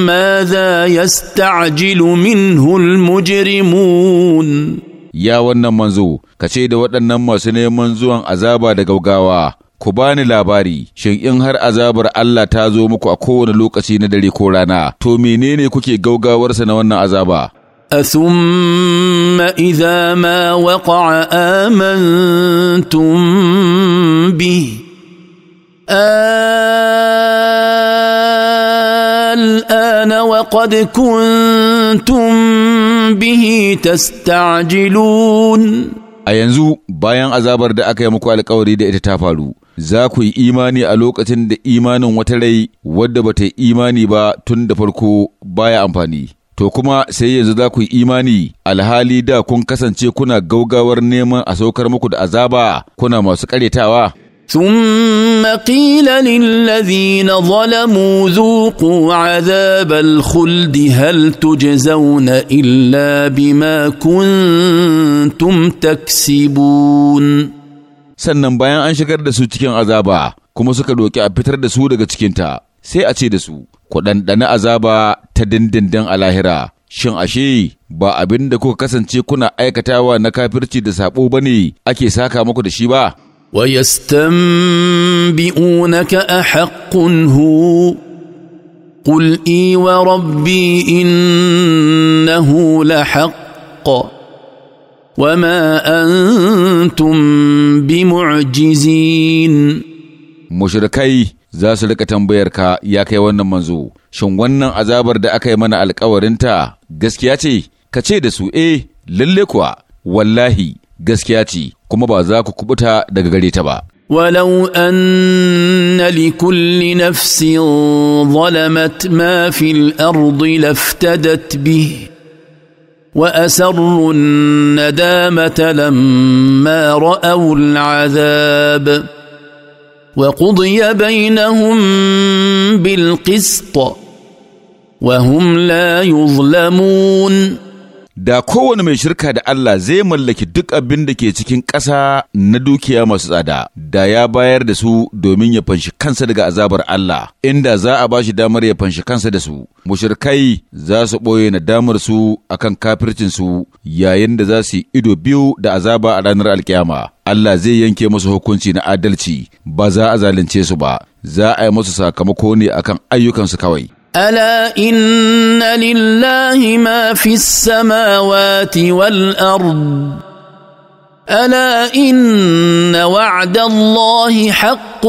ماذا يستعجل منه المجرمون ya wannan manzo, ka ce da waɗannan masu neman zuwan azaba da gaugawa, ku bani labari, shin in har azabar Allah ta zo muku a kowane lokaci na dare ko rana, to menene kuke gaugawarsa na wannan azaba? أثم إذا ما وقع آمنتم به الآن وقد كنتم به تستعجلون a yanzu bayan azabar da aka yi muku alkawari da ita ta faru za ku yi imani a lokacin da imanin wata rai wadda ba ta yi imani ba tun da farko baya amfani to kuma sai yanzu za ku yi imani alhali da kun kasance kuna gaugawar neman a saukar muku da azaba kuna masu karyatawa ثم قيل للذين ظلموا ذوقوا عذاب الخلد هل تجزون الا بما كنتم تكسبون sannan bayan an shigar da su cikin azaba kuma suka doki a fitar da su daga cikinta sai a ce da su kuɗanɗana azaba ta dindindin a lahira shin ashe ba abin da kuka kasance kuna aikatawa na kafirci da saɓo ba ne ake saka muku da shi ba ويستنبئونك احق هو قل اي وربي انه لحق وما انتم بمعجزين مشركي za su rika tambayar ka ya kai wannan manzo shin wannan azabar da aka yi mana alkawarinta gaskiya ce ka ce da su eh lalle kuwa wallahi gaskiya ce kuma ba za ku kubuta daga gare ta ba ولو ان لكل نفس ظلمت ما في الارض لافتدت به واسروا الندامه لما راوا العذاب وقضي بينهم بالقسط وهم لا يظلمون da kowane mai shirka da Allah zai mallaki duk abin da ke cikin ƙasa na dukiya masu tsada, da ya bayar da su domin ya fanshi kansa daga azabar Allah, inda za a ba shi damar ya fanshi kansa da su. Mushirkai za su ɓoye na damar su a kan su yayin da za su ido biyu da azaba a ranar alkiyama. Allah zai yanke musu hukunci na adalci, ba za a zalunce su ba, za a yi musu sakamako ne akan ayyukansu kawai. الا ان لله ما في السماوات والارض الا ان وعد الله حق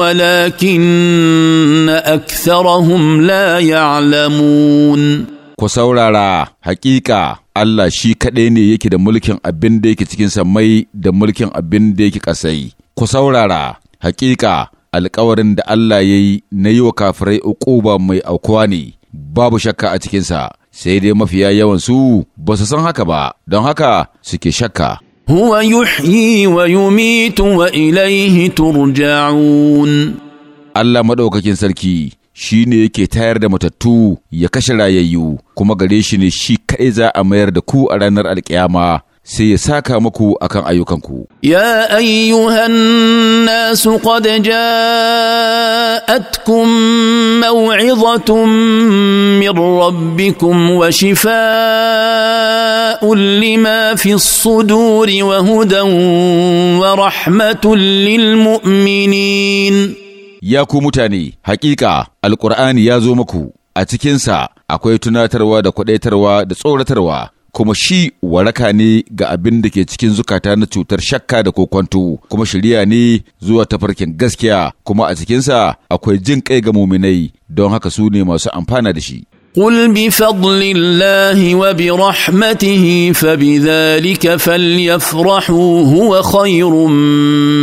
ولكن اكثرهم لا يعلمون ku saurara hakika Allah shi kaɗai ne yake da mulkin abin da yake cikin samai da mulkin abin da yake ƙasai ku saurara hakika alkawarin da Allah ya yi na yi wa kafirai ukuba mai aukuwa ne babu shakka a cikinsa sai dai mafiya yawan su ba su san haka ba don haka suke shakka Huwa Yumi يحيي wa ilaihi turja'un. Allah maɗaukakin sarki shi ne yake tayar da matattu ya kashe rayayyu kuma gare shi ne shi kaɗai za a mayar da ku a ranar alƙiyama sai ya saka muku akan ayyukanku. Ya ayyuhan nasu qad ja'atkum maw'izatun min rabbikum wa shifaa'un lima fi as-suduri wa hudan wa rahmatun lil mu'minin. Ya ku mutane, hakika Alƙur'ani ya zo muku, a cikinsa akwai tunatarwa da kwaɗaitarwa da tsoratarwa kuma shi waraka ne ga abin da ke cikin zukata na cutar shakka da kokwanto kuma shirya ne zuwa tafarkin gaskiya kuma a cikinsa akwai jin kai ga muminai don haka su ne masu amfana da shi قل بفضل الله وبرحمته فبذلك فليفرحوا هو خير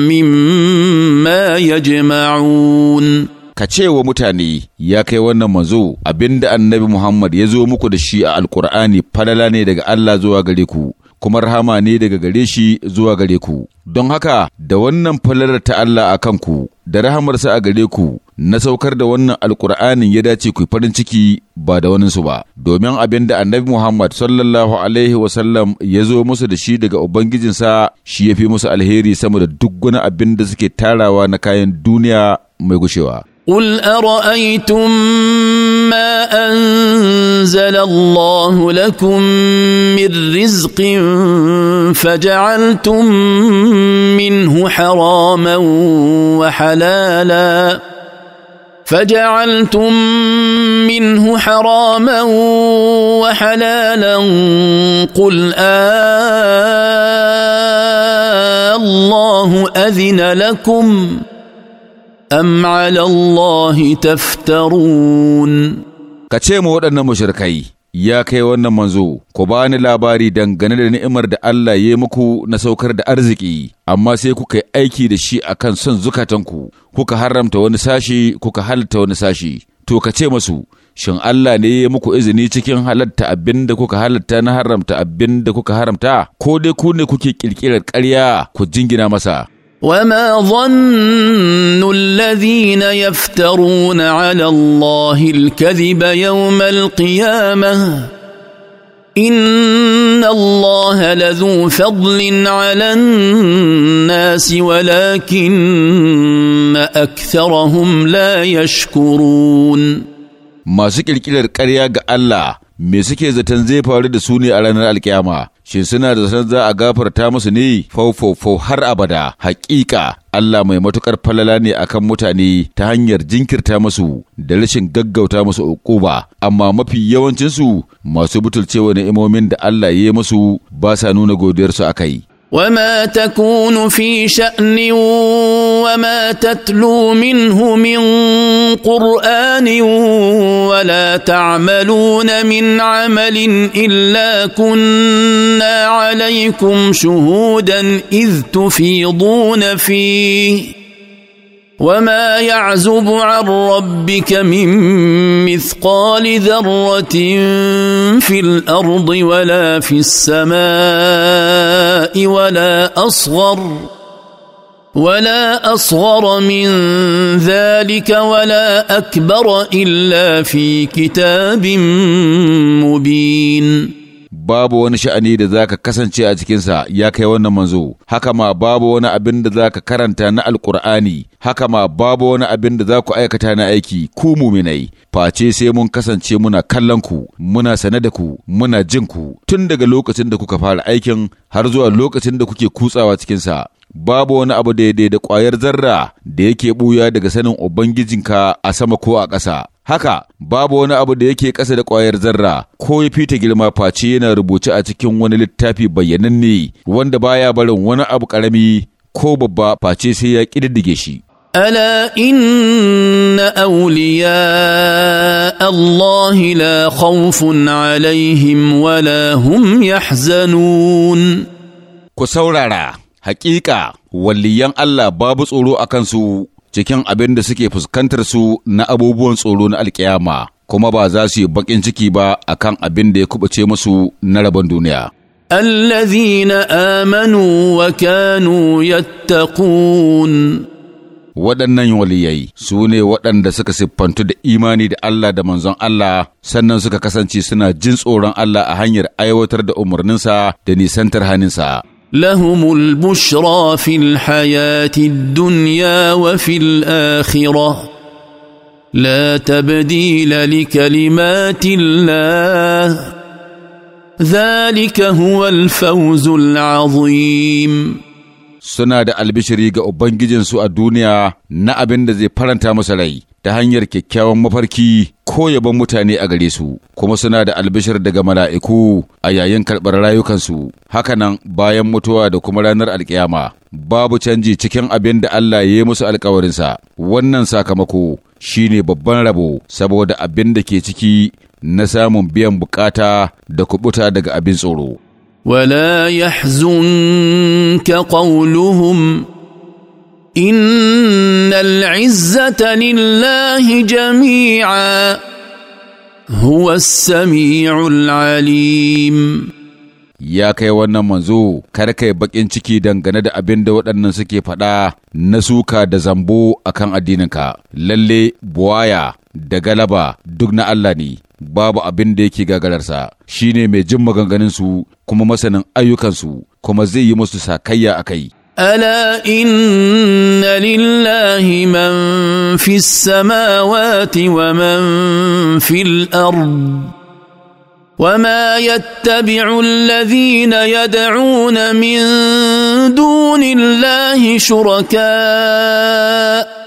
مما يجمعون ka ce wa mutane ya kai wannan manzo abinda annabi Muhammad ya zo muku da shi a alkur'ani falala ne daga Allah zuwa gare ku kuma rahama ne daga gare shi zuwa gare ku don haka da wannan falalar ta Allah a kanku da rahamarsa a gare ku na saukar da wannan alkur'anin ya dace ku farin ciki ba da waninsu ba domin abin da annabi muhammad sallallahu alaihi wasallam ya zo musu da shi daga ubangijinsa shi ya fi musu alheri sama da duk wani abin da suke tarawa na kayan duniya mai gushewa قل ارايتم ما انزل الله لكم من رزق فجعلتم منه حراما وحلالا فجعلتم منه حراما وحلالا قل آه الله اذن لكم am ala Allah taftarun ka ce mu waɗannan mushrikai ya kai wannan manzo ku bani labari dangane da ni'imar da Allah ya muku na saukar da arziki amma sai kuka yi aiki da shi akan son zukatanku kuka haramta wani sashe kuka halatta wani sashe. to ka ce masu shin Allah ne ya muku izini cikin halatta abinda da kuka halatta na haramta abinda kuka haramta ko dai ku ne kuke ƙirƙirar ƙarya ku jingina masa وما ظن الذين يفترون على الله الكذب يوم القيامه ان الله لذو فضل على الناس ولكن اكثرهم لا يشكرون masu ƙirƙirar ƙarya ga Allah me suke zaton zai faru da su ne a ranar alkiyama shin suna da san za a gafarta musu ne fofofo har abada hakika Allah mai matukar falala ne akan mutane ta hanyar jinkirta musu da rashin gaggauta musu uƙuba, amma mafi yawancinsu masu butulcewa ni'imomin da Allah ya yi musu ba sa nuna godiyarsu akai وما تكون في شان وما تتلو منه من قران ولا تعملون من عمل الا كنا عليكم شهودا اذ تفيضون فيه وما يعزب عن ربك من مثقال ذره في الارض ولا في السماء ولا اصغر ولا اصغر من ذلك ولا اكبر الا في كتاب مبين babu wani sha'ani da za ka kasance a cikinsa ya kai wannan manzo, haka ma babu wani abin da za ka karanta na alkur'ani haka ma babu wani abin da za ku aikata na aiki ku muminai, face sai mun kasance muna kallon ku, muna sane da ku, muna jin ku, tun daga lokacin da kuka fara aikin har zuwa lokacin da kuke kutsawa cikinsa. babu wani abu daidai da ƙwayar zarra da yake ɓuya daga sanin Ubangijinka a sama ko a ƙasa. haka babu wani abu da yake ƙasa da ƙwayar zarra ko ya fita girma face yana rubuce a cikin wani littafi bayyananne wanda baya barin wani abu ƙarami ko babba face sai ya ƙididdige shi. ألا إن أولياء الله لا خوف عليهم ولا هم يحزنون. ku saurara Haƙiƙa! walliyan Allah babu tsoro a kansu cikin abin da suke fuskantar su na abubuwan tsoro na alkiyama kuma ba za su yi bakin ciki ba akan abin da ya kubace musu na rabon duniya. wa آمنوا وكانوا يتقون waɗannan waliyai su ne waɗanda suka siffantu da imani da Allah da manzon Allah sannan suka kasance suna jin tsoron Allah a hanyar aiwatar da umarninsa da nisantar haninsa. لهم البشرى في الحياه الدنيا وفي الاخره لا تبديل لكلمات الله ذلك هو الفوز العظيم suna da albishiri ga Ubangijinsu a duniya na abin da zai faranta masa rai ta hanyar kyakkyawan mafarki ko yabon mutane a gare su, kuma suna da albishir daga mala'iku a yayin karɓar rayukansu, hakanan bayan mutuwa da kuma ranar alkiyama. Babu canji cikin abin da Allah ya yi musu alkawarinsa, wannan sakamako shi ne babban rabo saboda abin da ke ciki na samun biyan bukata da kuɓuta daga abin tsoro. ولا يحزنك قولهم ان العزه لله جميعا هو السميع العليم ya kai wannan manzo kar kai bakin ciki dangane da abin da waɗannan suke faɗa na suka da zambo akan addininka lalle buwaya da galaba duk na Allah ne babu abin da yake gagararsa shine mai jin maganganunsu kuma masanin ayyukansu kuma zai yi musu sakayya a kai الا ان لله من في السماوات ومن في الارض وما يتبع الذين يدعون من دون الله شركاء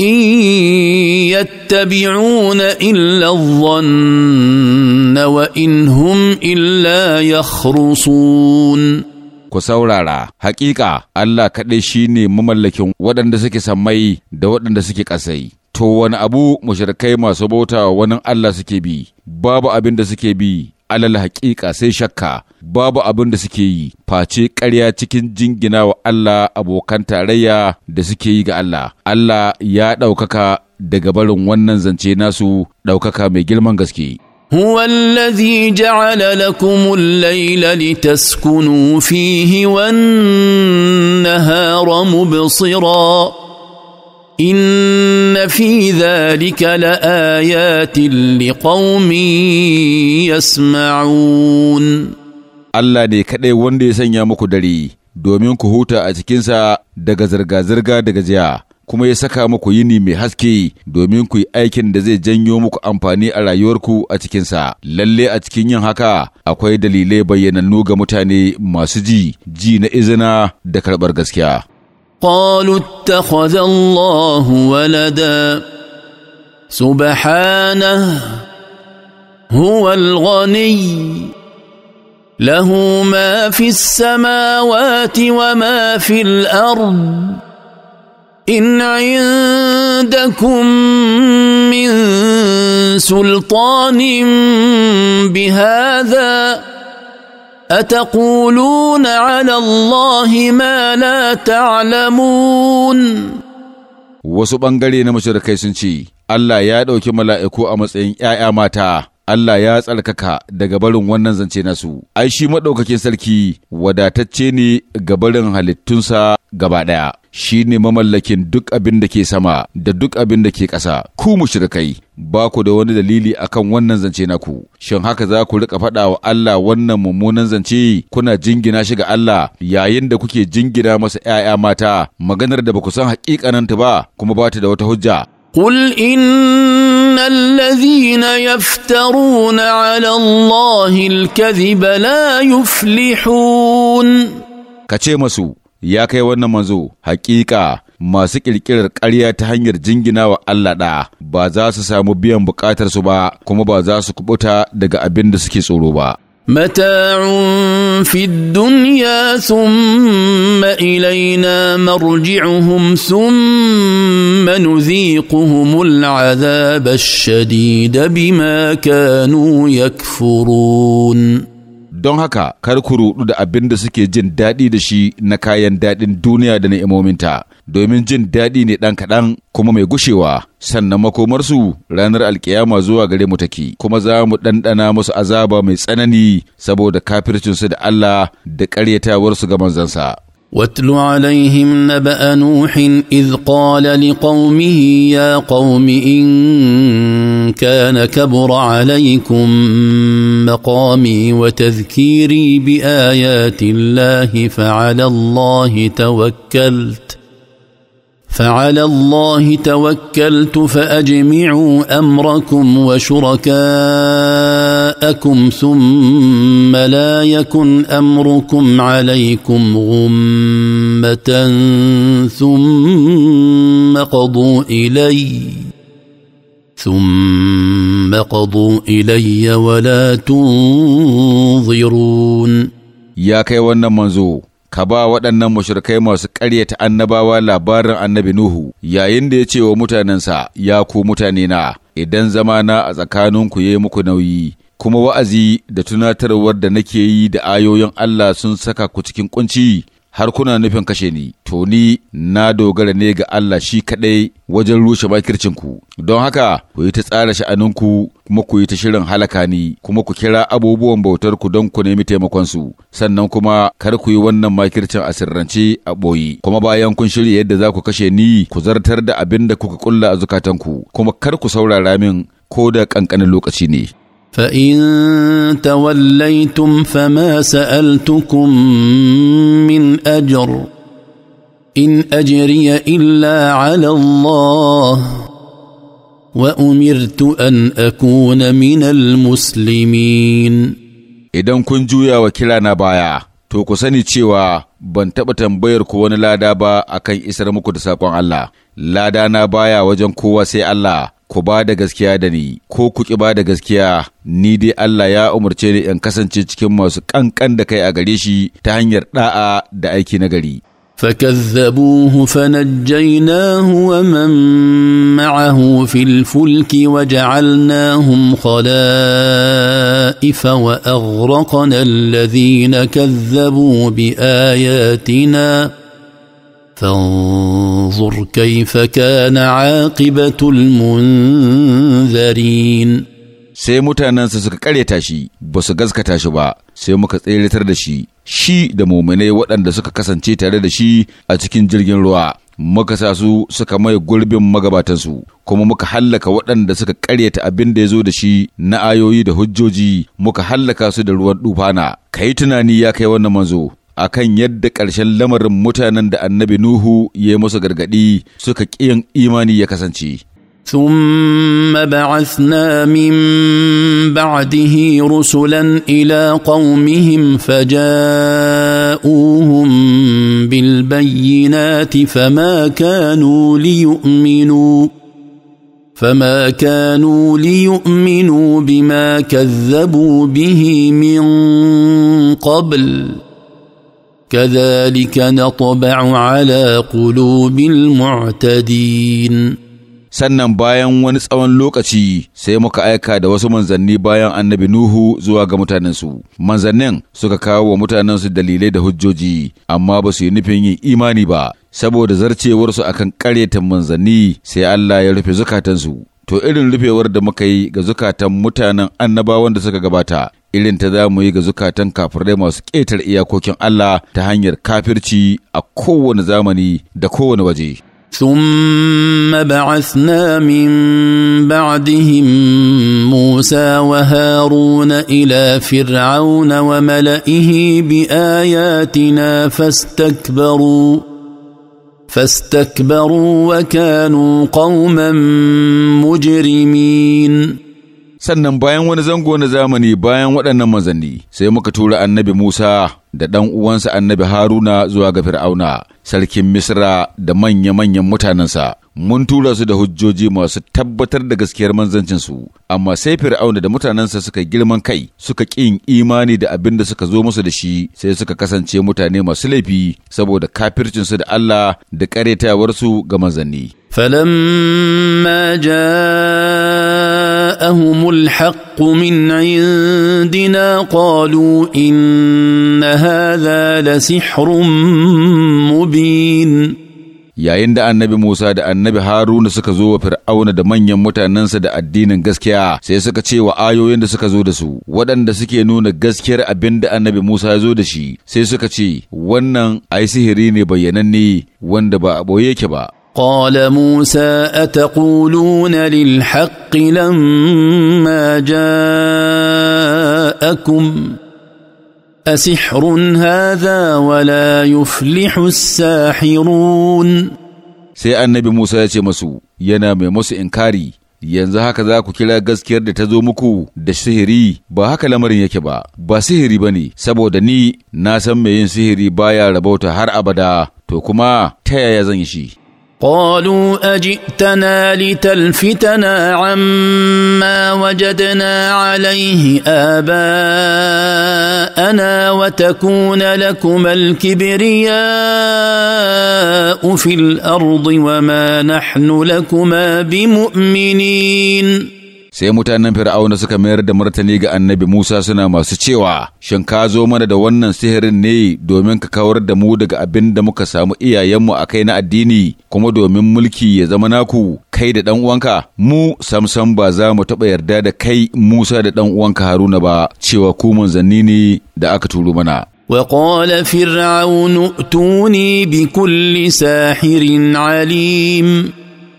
إن يتبعون إلا الظن وإن هم إلا يخرصون Ku saurara, hakika Allah kaɗai shi ne mamallakin waɗanda suke sammai da waɗanda suke ƙasai, to wani abu mushrikai masu bauta wani Allah suke bi, babu abin da suke bi alal haƙiƙa sai shakka babu abin da suke yi face ƙarya cikin jingina wa Allah abokan tarayya da suke yi ga Allah Allah ya ɗaukaka daga barin wannan zance nasu ɗaukaka mai girman gaske هو الذي جعل لكم الليل لتسكنوا فيه والنهار مبصراً ان في ذلك لايات لقوم يسمعون Allah ne kaɗai wanda ya sanya muku dare domin ku huta a cikinsa daga zirga-zirga da gajiya, kuma ya saka muku yini mai haske domin ku yi aikin da zai janyo muku amfani a rayuwarku a cikinsa. Lalle a cikin yin haka akwai dalilai bayyanannu ga mutane masu ji, ji na izina da karɓar gaskiya. قالوا اتخذ الله ولدا سبحانه هو الغني له ما في السماوات وما في الارض ان عندكم من سلطان بهذا اتقولون على الله ما لا تعلمون wasu ɓangare na mashirkai sun ce Allah ya ɗauki mala'iku a matsayin ‘ya'ya mata Allah ya tsarkaka daga barin wannan zance nasu, ai shi maɗaukakin sarki wadatacce ne ga barin halittunsa gaba ɗaya. shi ne mamallakin duk abin da ke sama da duk abin da ke ƙasa, ku mushrikai ba ku da wani dalili akan wannan zance naku, shin haka za ku riƙa faɗa wa Allah wannan mummunan zance kuna jingina shi ga Allah yayin da kuke jingina masa ‘ya'ya mata maganar da ba ku san haƙiƙananta ba kuma ba ta da wata hujja. قل ان الذين يفترون على الله الكذب لا يفلحون كتشي ya kai wannan manzo hakika masu kirkirar ƙarya ta hanyar jingina wa Allah da ba za su samu biyan buƙatarsu ba kuma ba za su kubuta daga abin da suke tsoro ba. متاع في الدنيا ثم إلينا مرجعهم ثم نذيقهم العذاب الشديد بما كانوا يكفرون don haka kar ku rudu da abin da suke jin daɗi da shi na kayan daɗin duniya da ni'imominta domin jin daɗi ne ɗan kaɗan kuma mai gushewa sannan makomarsu ranar alkiyama zuwa gare mu take kuma za mu ɗanɗana musu azaba mai tsanani saboda kafircinsu da Allah da su ga manzansa. واتل عليهم نبا نوح اذ قال لقومه يا قوم ان كان كبر عليكم مقامي وتذكيري بايات الله فعلى الله توكلت فعلى الله توكلت فاجمعوا امركم وشركاءكم جاءكم ثم alaikum, يكن امركم عليكم غمه ثم قضوا الي ثم قضوا الي ولا تنظرون يا كي wannan manzo ka ba waɗannan mashirkai masu ƙaryata annabawa labarin annabi Nuhu yayin da ya ce wa mutanensa ya ku mutanena idan zama na a tsakaninku ya yi muku nauyi kuma wa'azi da tunatarwar da nake yi da ayoyin Allah sun saka ku cikin kunci har kuna nufin kashe ni, to ni na dogara ne ga Allah shi kaɗai wajen rushe makircinku, don haka ku yi ta tsara sha'aninku kuma ku yi ta shirin halaka ni, kuma ku kira abubuwan bautar ku don ku nemi taimakonsu, sannan kuma kar ku yi wannan makircin a sirrance a ɓoye, kuma bayan kun shirya yadda za ku kashe ni ku zartar da abin da kuka kulla a zukatanku, kuma kar ku saurara min ko da ƙanƙanin lokaci ne. فان توليتم فما سالتكم من اجر ان اجري الا على الله وامرت ان اكون من المسلمين idan kun juya wa na baya to ku sani cewa ban taɓa tambayar ku wani lada ba akan isar muku da saƙon Allah lada na baya wajen kowa sai Allah ku ba da gaskiya da ni ko ku ki ba da gaskiya ni dai Allah ya umarce ni in kasance cikin masu kankan da kai a gare shi ta hanyar da'a da aiki na gari فكذبوه فنجيناه ومن معه في الفلك وجعلناهم خلائف واغرقنا الذين كذبوا باياتنا فانظر كيف كان عاقبة المنذرين sai mutanensa suka karyata shi ba su gaskata shi ba sai muka tseratar da shi shi da muminai waɗanda suka kasance tare da shi a cikin jirgin ruwa muka sa su suka mai gurbin magabatansu kuma muka hallaka waɗanda suka karyata abin da ya zo da shi na ayoyi da hujjoji muka hallaka su da ruwan dufana ka yi tunani ya kai wannan manzo akan yadda ƙarshen lamarin mutanen da annabi Nuhu ya yi musu gargaɗi suka ƙiyan imani ya kasance. ثم بعثنا من بعده رسلا الى قومهم فجاءوهم بالبينات فما كانوا ليؤمنوا فما كانوا ليؤمنوا بما كذبوا به من قبل كذلك نطبع على قلوب المعتدين sannan bayan wani tsawon lokaci sai muka aika da wasu manzanni bayan annabi Nuhu zuwa ga mutanensu. Manzannin suka kawo wa mutanensu dalilai da hujjoji, amma ba su yi nufin yin imani ba, saboda zarcewarsu akan karyatan manzanni sai Allah ya rufe zukatansu. To irin rufewar da muka yi ga zukatan mutanen annabawan da suka gabata, irin ta za mu yi ga zukatan kafirai masu ƙetar iyakokin Allah ta hanyar kafirci a kowane zamani da kowane waje. ثم بعثنا من بعدهم موسى وهارون الى فرعون وملئه باياتنا فاستكبروا فاستكبروا وكانوا قوما مجرمين sannan bayan wani zango na zamani bayan waɗannan manzanni sai muka tura annabi Musa da ɗan uwansa annabi Haruna zuwa ga Fir'auna sarkin Misra da manya-manyan mutanensa mun tura su da hujjoji masu tabbatar da gaskiyar manzancinsu amma sai Fir'auna da mutanensa suka girman kai suka ƙin imani da abin da suka zo musu da shi sai suka kasance mutane masu laifi saboda kafircinsu da Allah da ƙaretawarsu ga manzanni فلما جاءهم الحق من عندنا قالوا ان هذا لسحر مبين yayin da annabi Musa da annabi Haruna suka zo wa Fir'auna da manyan mutanensa da addinin gaskiya sai suka ce wa ayoyin da suka zo da su waɗanda suke nuna gaskiyar abin da annabi Musa ya zo da shi sai suka ce wannan ai sihiri ne bayyananne wanda ba a ɓoye yake ba قال موسى اتقولون للحق لما جاءكم اسحر هذا ولا يفلح الساحرون sai annabi Musa ya ce masu yana mai musu inkari yanzu haka za ku kira gaskiyar da ta zo muku da sihiri ba haka lamarin yake ba ba sihiri ba ne saboda ni na san mai yin sihiri baya rabauta har abada to kuma ta yaya zan yi shi قالوا اجئتنا لتلفتنا عما وجدنا عليه اباءنا وتكون لكما الكبرياء في الارض وما نحن لكما بمؤمنين sai mutanen fir'auna suka mayar da martani ga annabi Musa suna masu cewa shin ka zo mana da wannan sihirin ne domin ka kawar da mu daga abin da muka samu iyayenmu a kai na addini kuma domin mulki ya zama naku kai da ɗan uwanka mu samsam ba za mu taɓa yarda da kai Musa da ɗan uwanka Haruna ba cewa ku manzanni ne da aka turo mana وقال فرعون ائتوني بكل ساحر عليم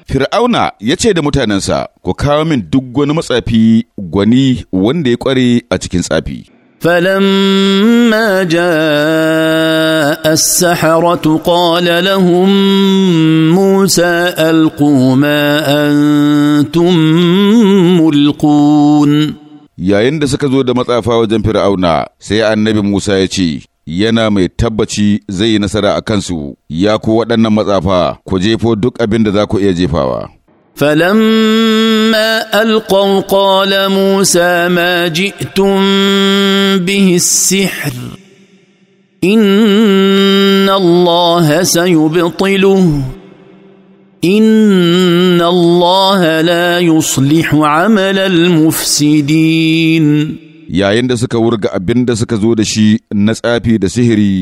Fir'auna ya ce da mutanensa, Ku kawo min duk wani matsafi gwani wanda ya ƙware a cikin tsafi. فلما a السحرة قال لهم موسى ألقوا an أنتم ملقون yayin da suka zo da matsafa wajen fir'auna sai annabi Musa ya ce yana mai tabbaci zai yi nasara a kansu, ya ku waɗannan matsafa, ku jefo duk abin da za ku iya jefawa. فلما القوا قال موسى ما جئتم به السحر ان الله سيبطله ان الله لا يصلح عمل المفسدين yayin da suka wurga abin da suka zo da shi na tsafi da sihiri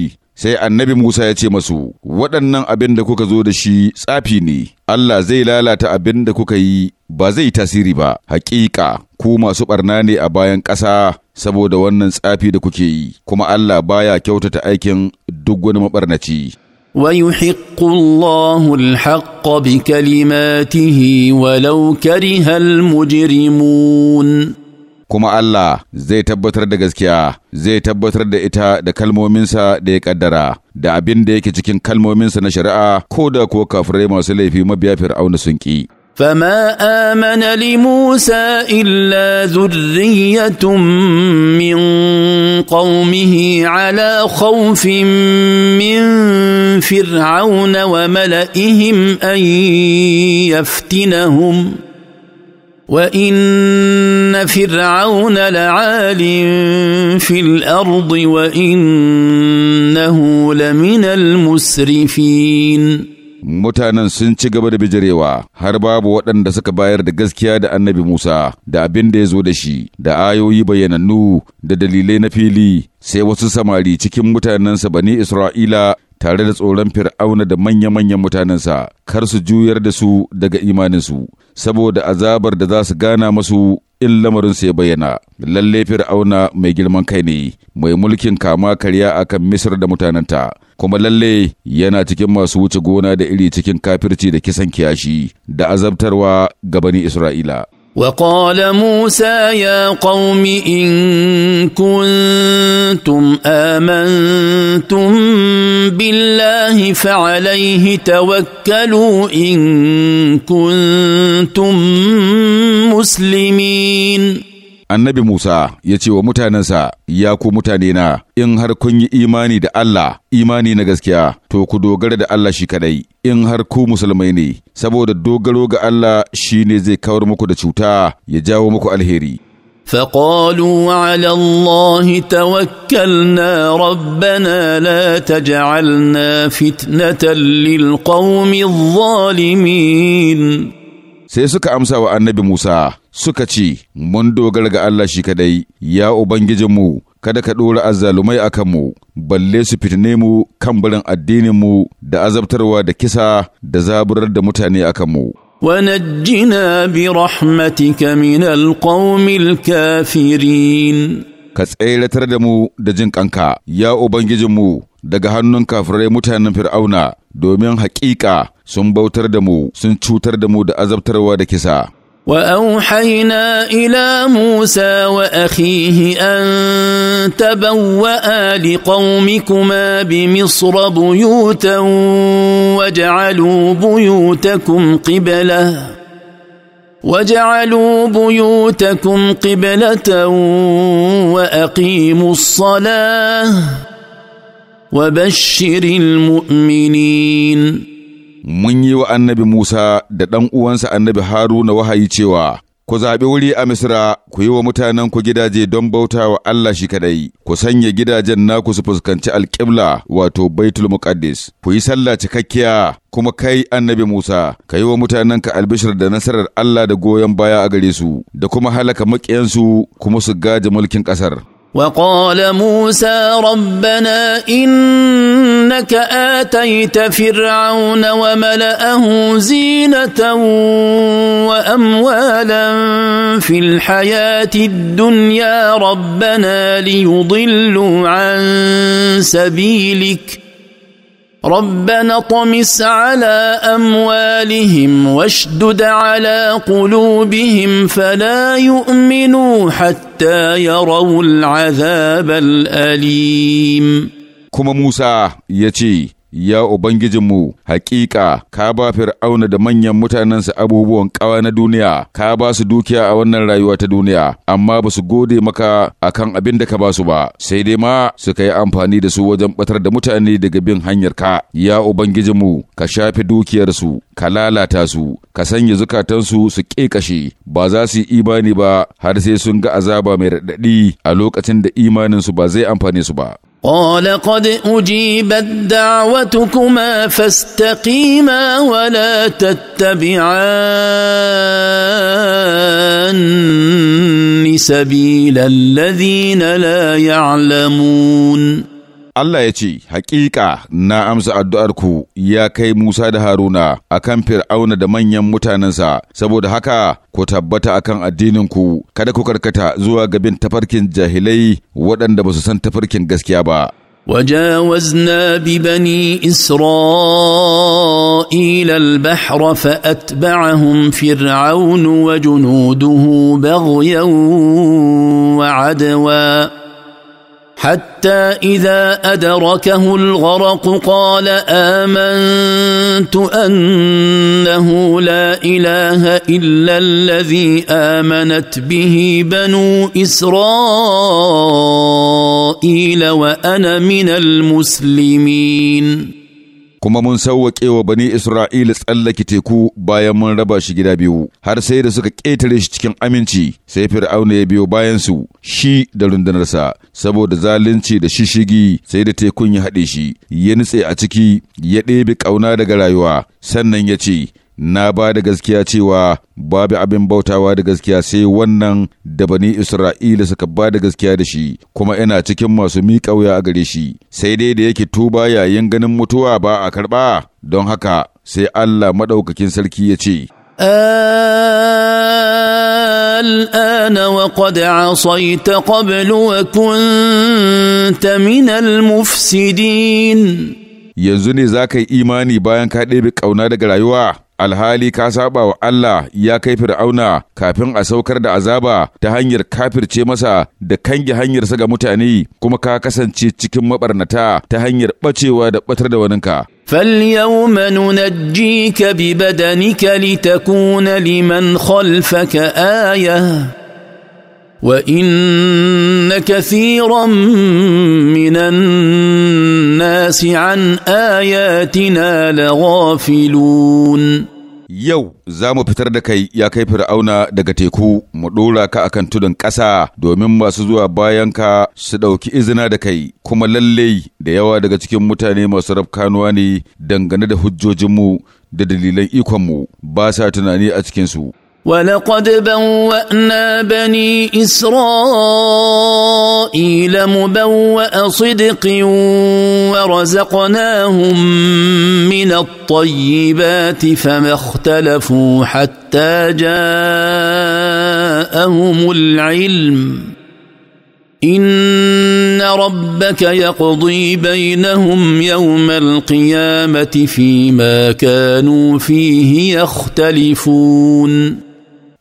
sai annabi Musa ya ce masu, waɗannan abin da kuka zo da shi tsafi ne, Allah zai lalata abin da kuka yi ba zai tasiri ba, hakika ku masu ɓarna ne a bayan ƙasa saboda wannan tsafi da kuke yi, kuma Allah baya kyautata aikin duk wani maɓarnaci. ويحق الله الحق بكلماته ولو كره المجرمون kuma Allah zai tabbatar da gaskiya zai tabbatar da ita da kalmominsa da ya kaddara da abin da yake cikin kalmominsa na shari'a ko da ko kafirai masu laifi mabiya fir'auna sun ƙi فما آمن لموسى إلا min ƙaumihi, قومه على خوف من فرعون وملئهم أن يفتنهم وان فرعون لعال في الارض وانه لمن المسرفين mutanen sun ci gaba da bijirewa har babu waɗanda suka bayar da gaskiya da annabi Musa da abin da ya zo da shi da ayoyi bayyanannu da dalilai na fili sai wasu samari cikin mutanensa bani Isra'ila tare da tsoron fir'auna da manya-manyan mutanensa kar su juyar da su daga imaninsu saboda azabar da za su gana masu in lamarin su ya bayyana lalle fir'auna mai girman kai ne mai mulkin kama karya a kan misir da mutanenta kuma lalle yana cikin masu wuce gona da iri cikin kafirci da kisan kiyashi da azabtarwa ga bani isra'ila وقال موسى يا قوم ان كنتم امنتم بالله فعليه توكلوا ان كنتم مسلمين annabi Musa ya ce wa mutanensa, Ya ku mutane na in har kun yi imani da Allah, imani na gaskiya, to ku dogara da Allah shi kadai, in har ku musulmai ne, saboda dogaro ga Allah shi ne zai kawar muku da cuta ya jawo muku alheri. فقالوا على الله توكلنا ربنا لا تجعلنا فتنة للقوم الظالمين sai suka amsa wa annabi Musa suka ce, Mun dogara ga Allah shi kadai, ya Ubangijinmu, kada ka ɗora azzalumai a kanmu, balle su fitine mu kan barin addininmu da azabtarwa da kisa da zaburar da mutane a kanmu. ونجنا برحمتك من القوم kafirin. ka tseratar da mu da jin ƙanka, ya ubangijinmu daga hannun kafirai mutanen fir'auna domin haƙiƙa sun bautar da mu sun cutar da mu da azabtarwa da kisa واوحينا الى موسى واخيه ان تبوا لقومكما بمصر بيوتا واجعلوا بيوتكم قبله واجعلوا بيوتكم قبله واقيموا الصلاه وبشر المؤمنين mun yi wa annabi Musa da ɗan uwansa annabi Haruna wahayi cewa, Ku zaɓi wuri a Misra, ku yi wa mutanen ku gidaje don bauta wa Allah shi kaɗai, ku sanya gidajen naku su fuskanci alƙibla wato Baitul Muqaddis, ku yi sallah cikakkiya kuma kai annabi Musa, ka yi wa ka albishir da nasarar Allah da goyon baya a gare su, da kuma halaka maƙiyansu kuma su gaji mulkin ƙasar. وقال موسى ربنا انك اتيت فرعون وملاه زينه واموالا في الحياه الدنيا ربنا ليضلوا عن سبيلك ربنا طمس على اموالهم واشدد على قلوبهم فلا يؤمنوا حتى يروا العذاب الاليم كما موسى يتي Ya Ubangijinmu, hakika ka ba Fir'auna da manyan mutanensa abubuwan ƙawa na duniya, ka ba su dukiya a wannan rayuwa ta duniya, amma ba su gode maka a kan abin da ka ba su ba, sai dai ma suka yi amfani da su wajen batar da mutane daga bin hanyar ka. Ya Ubangijinmu, ka shafe dukiyarsu, ka lalata su, ka sanya zukatansu su ƙeƙashe, ba za su yi imani ba har sai sun ga azaba mai raɗaɗi a lokacin da imaninsu ba zai amfane su ba. قال قد اجيبت دعوتكما فاستقيما ولا تتبعان سبيل الذين لا يعلمون Allah ya ce, Hakika na amsa addu'arku ya kai Musa da Haruna a kan Fir'auna da manyan mutanensa, saboda haka ku tabbata a kan addininku, kada ku karkata zuwa gabin tafarkin jahilai waɗanda ba su san tafarkin gaskiya ba. وجاوزنا ببني اسرائيل البحر فاتبعهم فرعون وجنوده بغيا وعدوا حتى اذا ادركه الغرق قال امنت انه لا اله الا الذي امنت به بنو اسرائيل وانا من المسلمين kuma mun sauwaƙe wa bani Isra'ila tsallake teku bayan mun raba shi gida biyu, har sai da suka ƙetare shi cikin aminci, sai Fir'auna ya biyo bayan su shi da rundunarsa, saboda zalunci da shishigi sai da tekun ya haɗe shi, ya nutse a ciki, ya ɗebe ƙauna daga rayuwa, sannan ya ce, na ba da gaskiya cewa babu abin bautawa da gaskiya sai wannan da bani Isra'ila suka ba da gaskiya da shi, kuma ina cikin masu miƙa wuya a gare shi, sai dai da yake tuba yayin ganin mutuwa ba a karɓa, don haka sai Allah maɗaukakin sarki ya ce, الآن وقد عصيت قبل وكنت من المفسدين yanzu ne za ka yi imani bayan ka ƙauna daga rayuwa alhali ka saba wa Allah ya kai Fir'auna kafin a saukar da azaba ta hanyar kafirce masa da kange hanyarsa ga mutane kuma ka kasance cikin mabarnata ta hanyar bacewa da batar da waninka. فاليوم ننجيك ببدنك لتكون لمن خلفك aya. وان كثيرا من الناس عن اياتنا لغافلون Yau za mu fitar da kai ya kai fir'auna daga teku mu ɗora ka akan tudun ƙasa domin masu zuwa bayan ka su ɗauki izina da kai kuma lalle da yawa daga cikin mutane masu rafkanuwa ne dangane da hujjojinmu da dalilan ikonmu ba sa tunani a cikinsu. ولقد بوانا بني اسرائيل مبوا صدق ورزقناهم من الطيبات فما اختلفوا حتى جاءهم العلم ان ربك يقضي بينهم يوم القيامه فيما كانوا فيه يختلفون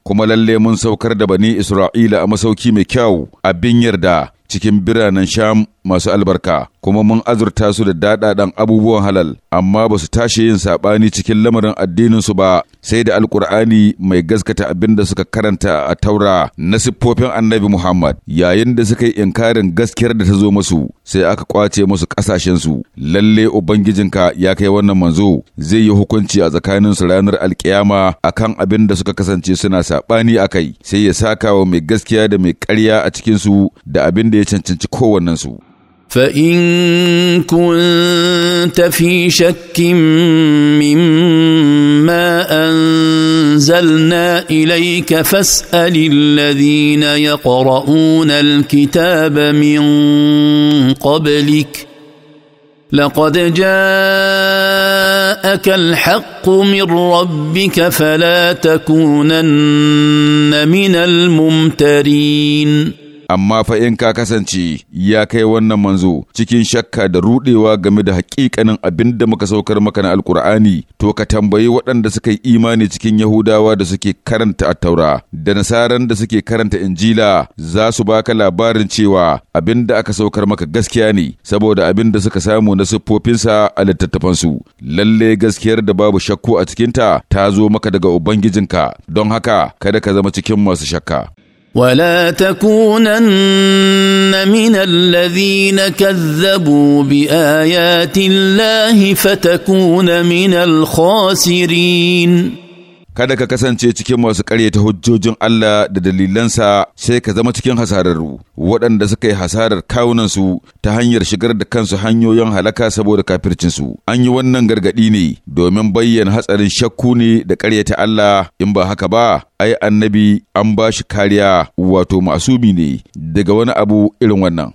kuma lalle mun saukar da bani Isra'ila a masauki mai kyau a binyar yarda cikin biranen Sham masu albarka kuma mun azurta su da daɗaɗan abubuwan halal amma ba su tashi yin saɓani cikin lamarin addininsu ba sai da alkur'ani mai gaskata abin da suka karanta a taura na siffofin annabi muhammad yayin da suka yi inkarin gaskiyar da ta zo masu sai aka kwace musu ƙasashensu lalle ubangijinka ya kai wannan manzo zai yi hukunci a tsakaninsu ranar alkiyama akan abin da suka kasance suna saɓani a kai sai ya saka wa mai gaskiya da mai ƙarya a cikinsu da abin da ya cancanci kowannensu. فان كنت في شك مما انزلنا اليك فاسال الذين يقرؤون الكتاب من قبلك لقد جاءك الحق من ربك فلا تكونن من الممترين amma fa in ka kasance ya kai wannan manzo cikin shakka da rudewa game da hakikanin abin da muka saukar maka na alkur'ani to ka tambayi waɗanda suka yi imani cikin yahudawa da suke karanta attaura da nasaran da suke karanta injila za su baka labarin cewa abin da aka saukar maka gaskiya ne saboda abin da suka samu na siffofinsa a littattafansu lalle gaskiyar da babu shakku a cikinta ta zo maka daga ubangijinka don haka kada ka zama cikin masu shakka ولا تكونن من الذين كذبوا بايات الله فتكون من الخاسرين kada ka kasance cikin masu karyata hujjojin Allah da dalilansa sai ka zama cikin hasararru waɗanda suka yi hasarar kawunansu ta hanyar shigar da kansu hanyoyin halaka saboda kafircinsu an yi wannan gargaɗi ne domin bayyana hatsarin shakku ne da karyata Allah in ba haka ba ai annabi an ba shi kariya wato masumi ne daga wani abu irin wannan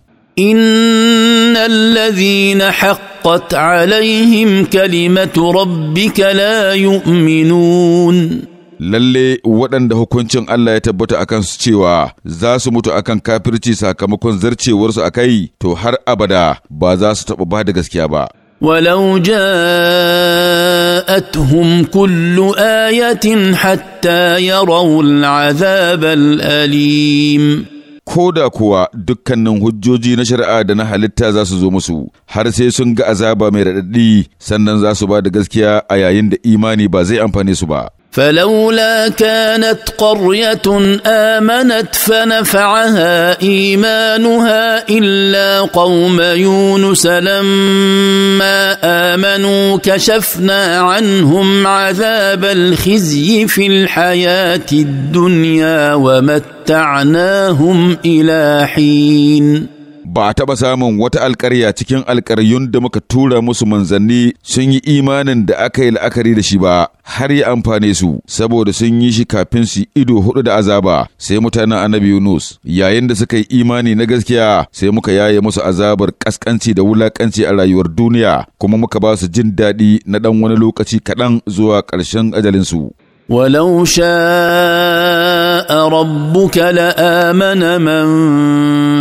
innal ladhina haqq حقت عليهم كلمة ربك لا يؤمنون lalle waɗanda hukuncin Allah ya tabbata a kansu cewa za su mutu akan kafirci sakamakon zarcewarsu a kai to har abada ba za su taɓa ba da gaskiya ba. ولو جاءتهم كل آية حتى يروا العذاب الأليم ko da kuwa dukkanin hujjoji na shari'a da na halitta za su zo musu har sai sun ga azaba mai raɗaɗi sannan za su ba da gaskiya a yayin da imani ba zai amfane su ba فلولا كانت قريه امنت فنفعها ايمانها الا قوم يونس لما امنوا كشفنا عنهم عذاب الخزي في الحياه الدنيا ومتعناهم الى حين ba a taɓa samun wata alƙarya cikin alƙaryun da muka tura musu manzanni sun yi imanin da aka yi la'akari da shi ba har ya amfane su saboda sun yi shi kafin su ido hudu da azaba sai mutanen annabi Yunus yayin da suka yi imani na gaskiya sai muka yaye musu azabar kaskanci da wulakanci a rayuwar duniya kuma muka ba su jin daɗi na ɗan wani lokaci kaɗan zuwa ƙarshen ajalinsu. ولو شاء ربك لامن من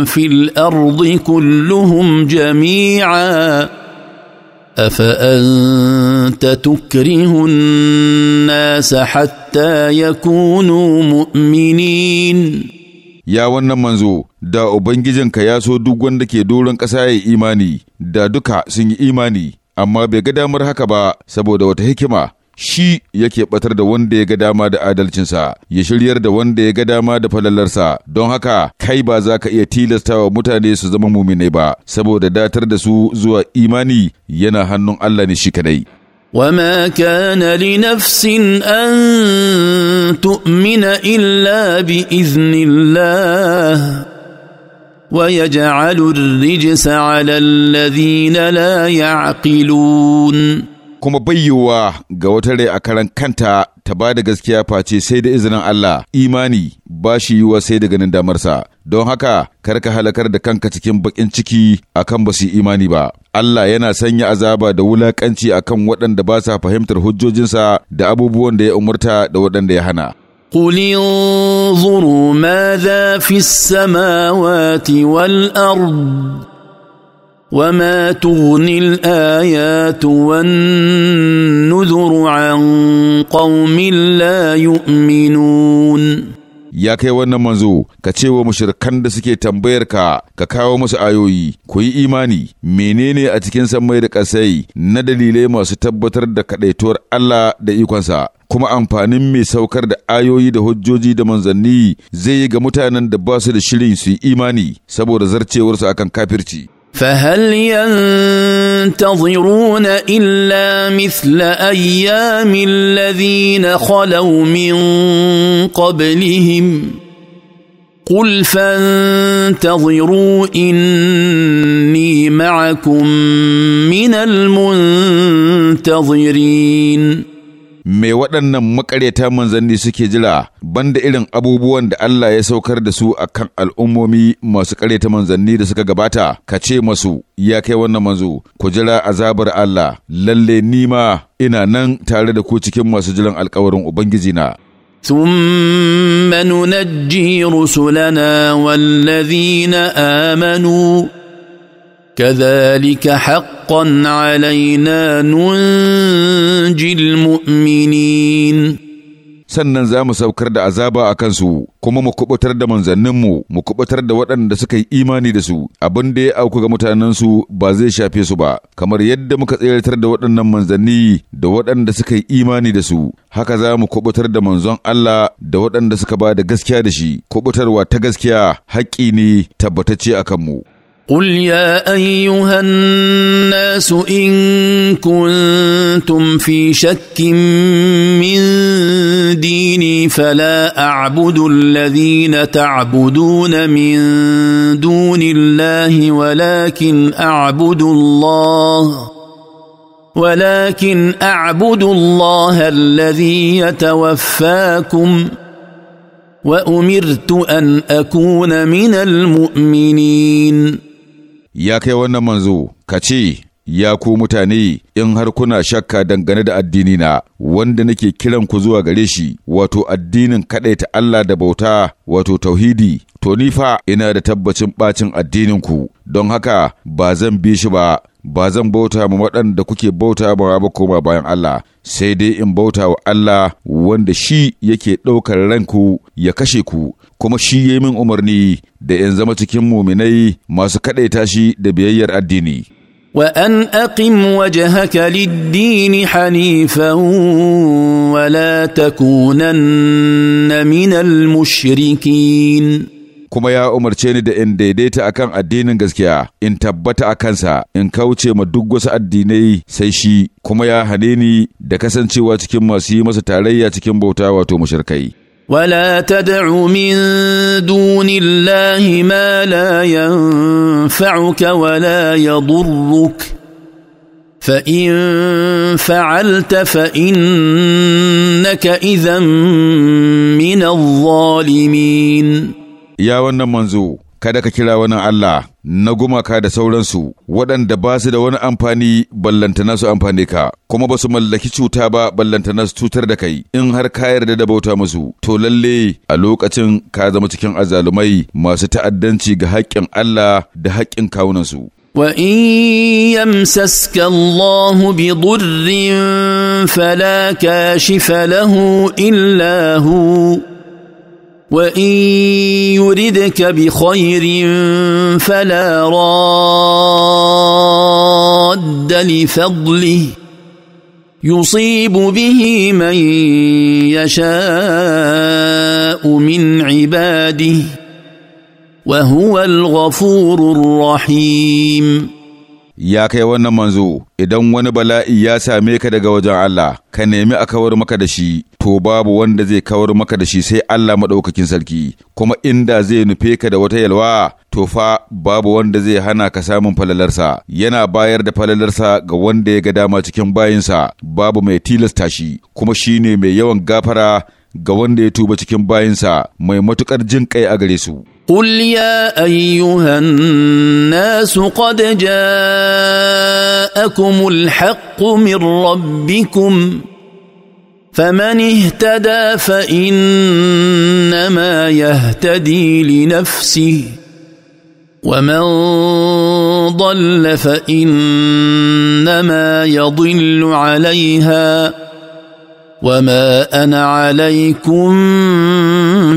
في الارض كلهم جميعا افانت تكره الناس حتى يكونوا مؤمنين ya wannan manzo da ubangijinka ya so duk wanda ke doron ƙasa ya imani da duka sun yi imani amma bai ga damar haka ba saboda wata hikima shi yake batar da wanda ya ga dama da adalcinsa ya shiryar da wanda ya ga dama da falalarsa don haka kai ba za ka iya tilasta wa mutane su zama muminai ba saboda datar da su zuwa imani yana hannun Allah ne shi kadai وما كان لنفس ان تؤمن الا باذن الله ويجعل الرجس على الذين لا يعقلون kuma bayyowa ga wata rai a karan kanta ta ba da gaskiya face sai da izinin Allah imani ba shi yiwa sai da ganin damarsa don haka kar ka halakar da kanka cikin bakin ciki akan ba su imani ba Allah yana sanya azaba da wulakanci akan waɗanda ba sa fahimtar hujjojinsa da abubuwan da ya umarta da waɗanda ya hana قل انظروا ماذا في السماوات وما تغني الايات والنذر عن قوم لا يؤمنون ya kai wannan manzo ka ce wa mushrikan da suke tambayar ka ka kawo musu ayoyi ku yi imani menene a cikin mai da ƙasai na dalilai masu tabbatar da kaɗaituwar Allah da ikonsa kuma amfanin mai saukar da ayoyi da hujjoji da manzanni zai yi ga mutanen da ba su da shirin su yi imani saboda zarcewarsu akan kafirci فهل ينتظرون الا مثل ايام الذين خلوا من قبلهم قل فانتظروا اني معكم من المنتظرين Mai waɗannan makareta manzanni suke jira banda irin abubuwan da Allah ya saukar da su a kan al'ummomi masu ƙareta manzanni da suka gabata, ka ce masu, ya kai wannan manzo, ku jira azabar Allah, lalle nima ina nan tare da ku cikin masu jiran alkawarin Ubangijina. ثم ننجي رسلنا والذين آمنوا كذلك حقا علينا ننجي المؤمنين sannan za mu saukar da azaba a kansu kuma mu kubutar da manzanninmu mu kubutar da waɗanda suka yi imani da su abin da ya auku ga mutanensu ba zai shafe su ba kamar yadda muka tsayartar da waɗannan manzanni da waɗanda suka yi imani da su haka za mu kubutar da manzon Allah da waɗanda suka ba da gaskiya da shi kubutarwa ta gaskiya haƙƙi ne tabbatacce a kanmu قل يا ايها الناس ان كنتم في شك من ديني فلا اعبد الذين تعبدون من دون الله ولكن اعبد الله ولكن اعبد الله الذي يتوفاكم وامرت ان اكون من المؤمنين ya kai wannan manzo, ka ce, Ya ku mutane, in har kuna shakka dangane da addini na wanda nake kiran ku zuwa gare shi, wato addinin ta Allah da bauta, wato tauhidi, to ni fa ina da tabbacin ɓacin ku don haka ba zan bi shi ba, ba zan bauta ma waɗanda kuke bauta ba ba koma bayan Allah, sai dai in bauta wa Allah wanda shi yake ɗaukar ranku ya kashe ku, kuma shi ya min umarni da in zama cikin muminai masu kaɗaita shi da biyayyar addini. وان اقم وجهك للدين حنيفا ولا تكونن من المشركين kuma ya umarce ni da in daidaita akan addinin gaskiya in tabbata a kansa in kauce ma duk wasu addinai sai shi kuma ya hane ni da kasancewa cikin masu yi masa tarayya cikin bauta wato mushrikai ولا تدع من دون الله ما لا ينفعك ولا يضرك فان فعلت فانك اذا من الظالمين ya wannan manzo, kada ka kira wani Allah na gumaka da sauransu waɗanda ba su da wani amfani ballantana su amfani ka, kuma ba su mallaki cuta ba ballantana su cutar da kai, in har ka yarda da bauta musu, to lalle a lokacin ka zama cikin azalumai masu ta'addanci ga haƙƙin Allah da haƙƙin kawunansu. وان يمسسك الله بضر فلا كاشف له الا هو وان يردك بخير فلا راد لفضله يصيب به من يشاء من عباده وهو الغفور الرحيم ya kai wannan manzo idan wani bala'i ya same ka daga wajen Allah ka nemi a kawar maka da shi to babu wanda zai kawar maka da shi sai Allah maɗaukakin sarki kuma inda zai nufe ka da wata yalwa to fa babu wanda zai hana ka samun falalarsa yana bayar da falalarsa ga wanda ya ga dama cikin bayinsa babu mai tilasta shi kuma shine mai yawan gafara ga wanda ya tuba cikin bayinsa mai matukar jin kai a gare su قل يا ايها الناس قد جاءكم الحق من ربكم فمن اهتدى فانما يهتدي لنفسه ومن ضل فانما يضل عليها وما انا عليكم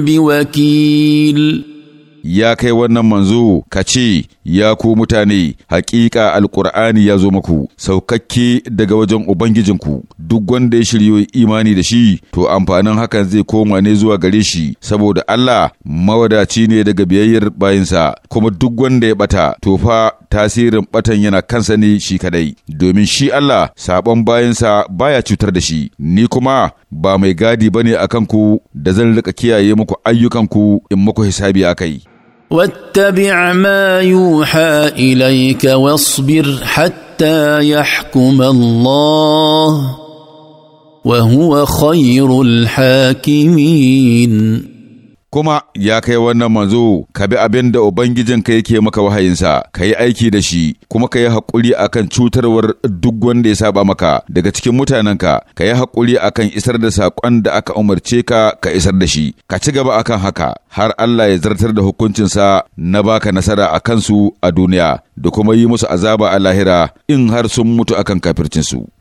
بوكيل ya kai wannan manzo ka ce ya ku mutane hakika alkur'ani ya zo muku saukakke daga wajen ubangijinku duk wanda ya shiryo imani da shi to amfanin hakan zai koma ne zuwa gare shi saboda Allah mawadaci ne daga biyayyar bayinsa kuma duk wanda ya bata to fa tasirin batan yana kansa ne shi kadai domin shi Allah sabon bayansa baya cutar da shi ni kuma ba mai gadi bane akan ku da zan rika kiyaye muku ayyukan ku in muku hisabi akai واتبع ما يوحى اليك واصبر حتى يحكم الله وهو خير الحاكمين kuma ya kai wannan manzo ka bi abin da ubangijin ka yake maka wahayinsa ka yi aiki da shi kuma ka yi haƙuri akan cutarwar duk wanda ya saba maka daga cikin mutanenka ka yi haƙuri akan isar da saƙon da aka umarce ka ka isar da shi ka ci gaba akan haka har Allah ya zartar da hukuncinsa na baka nasara a kansu a duniya da kuma yi musu azaba a lahira in har sun mutu akan kafircinsu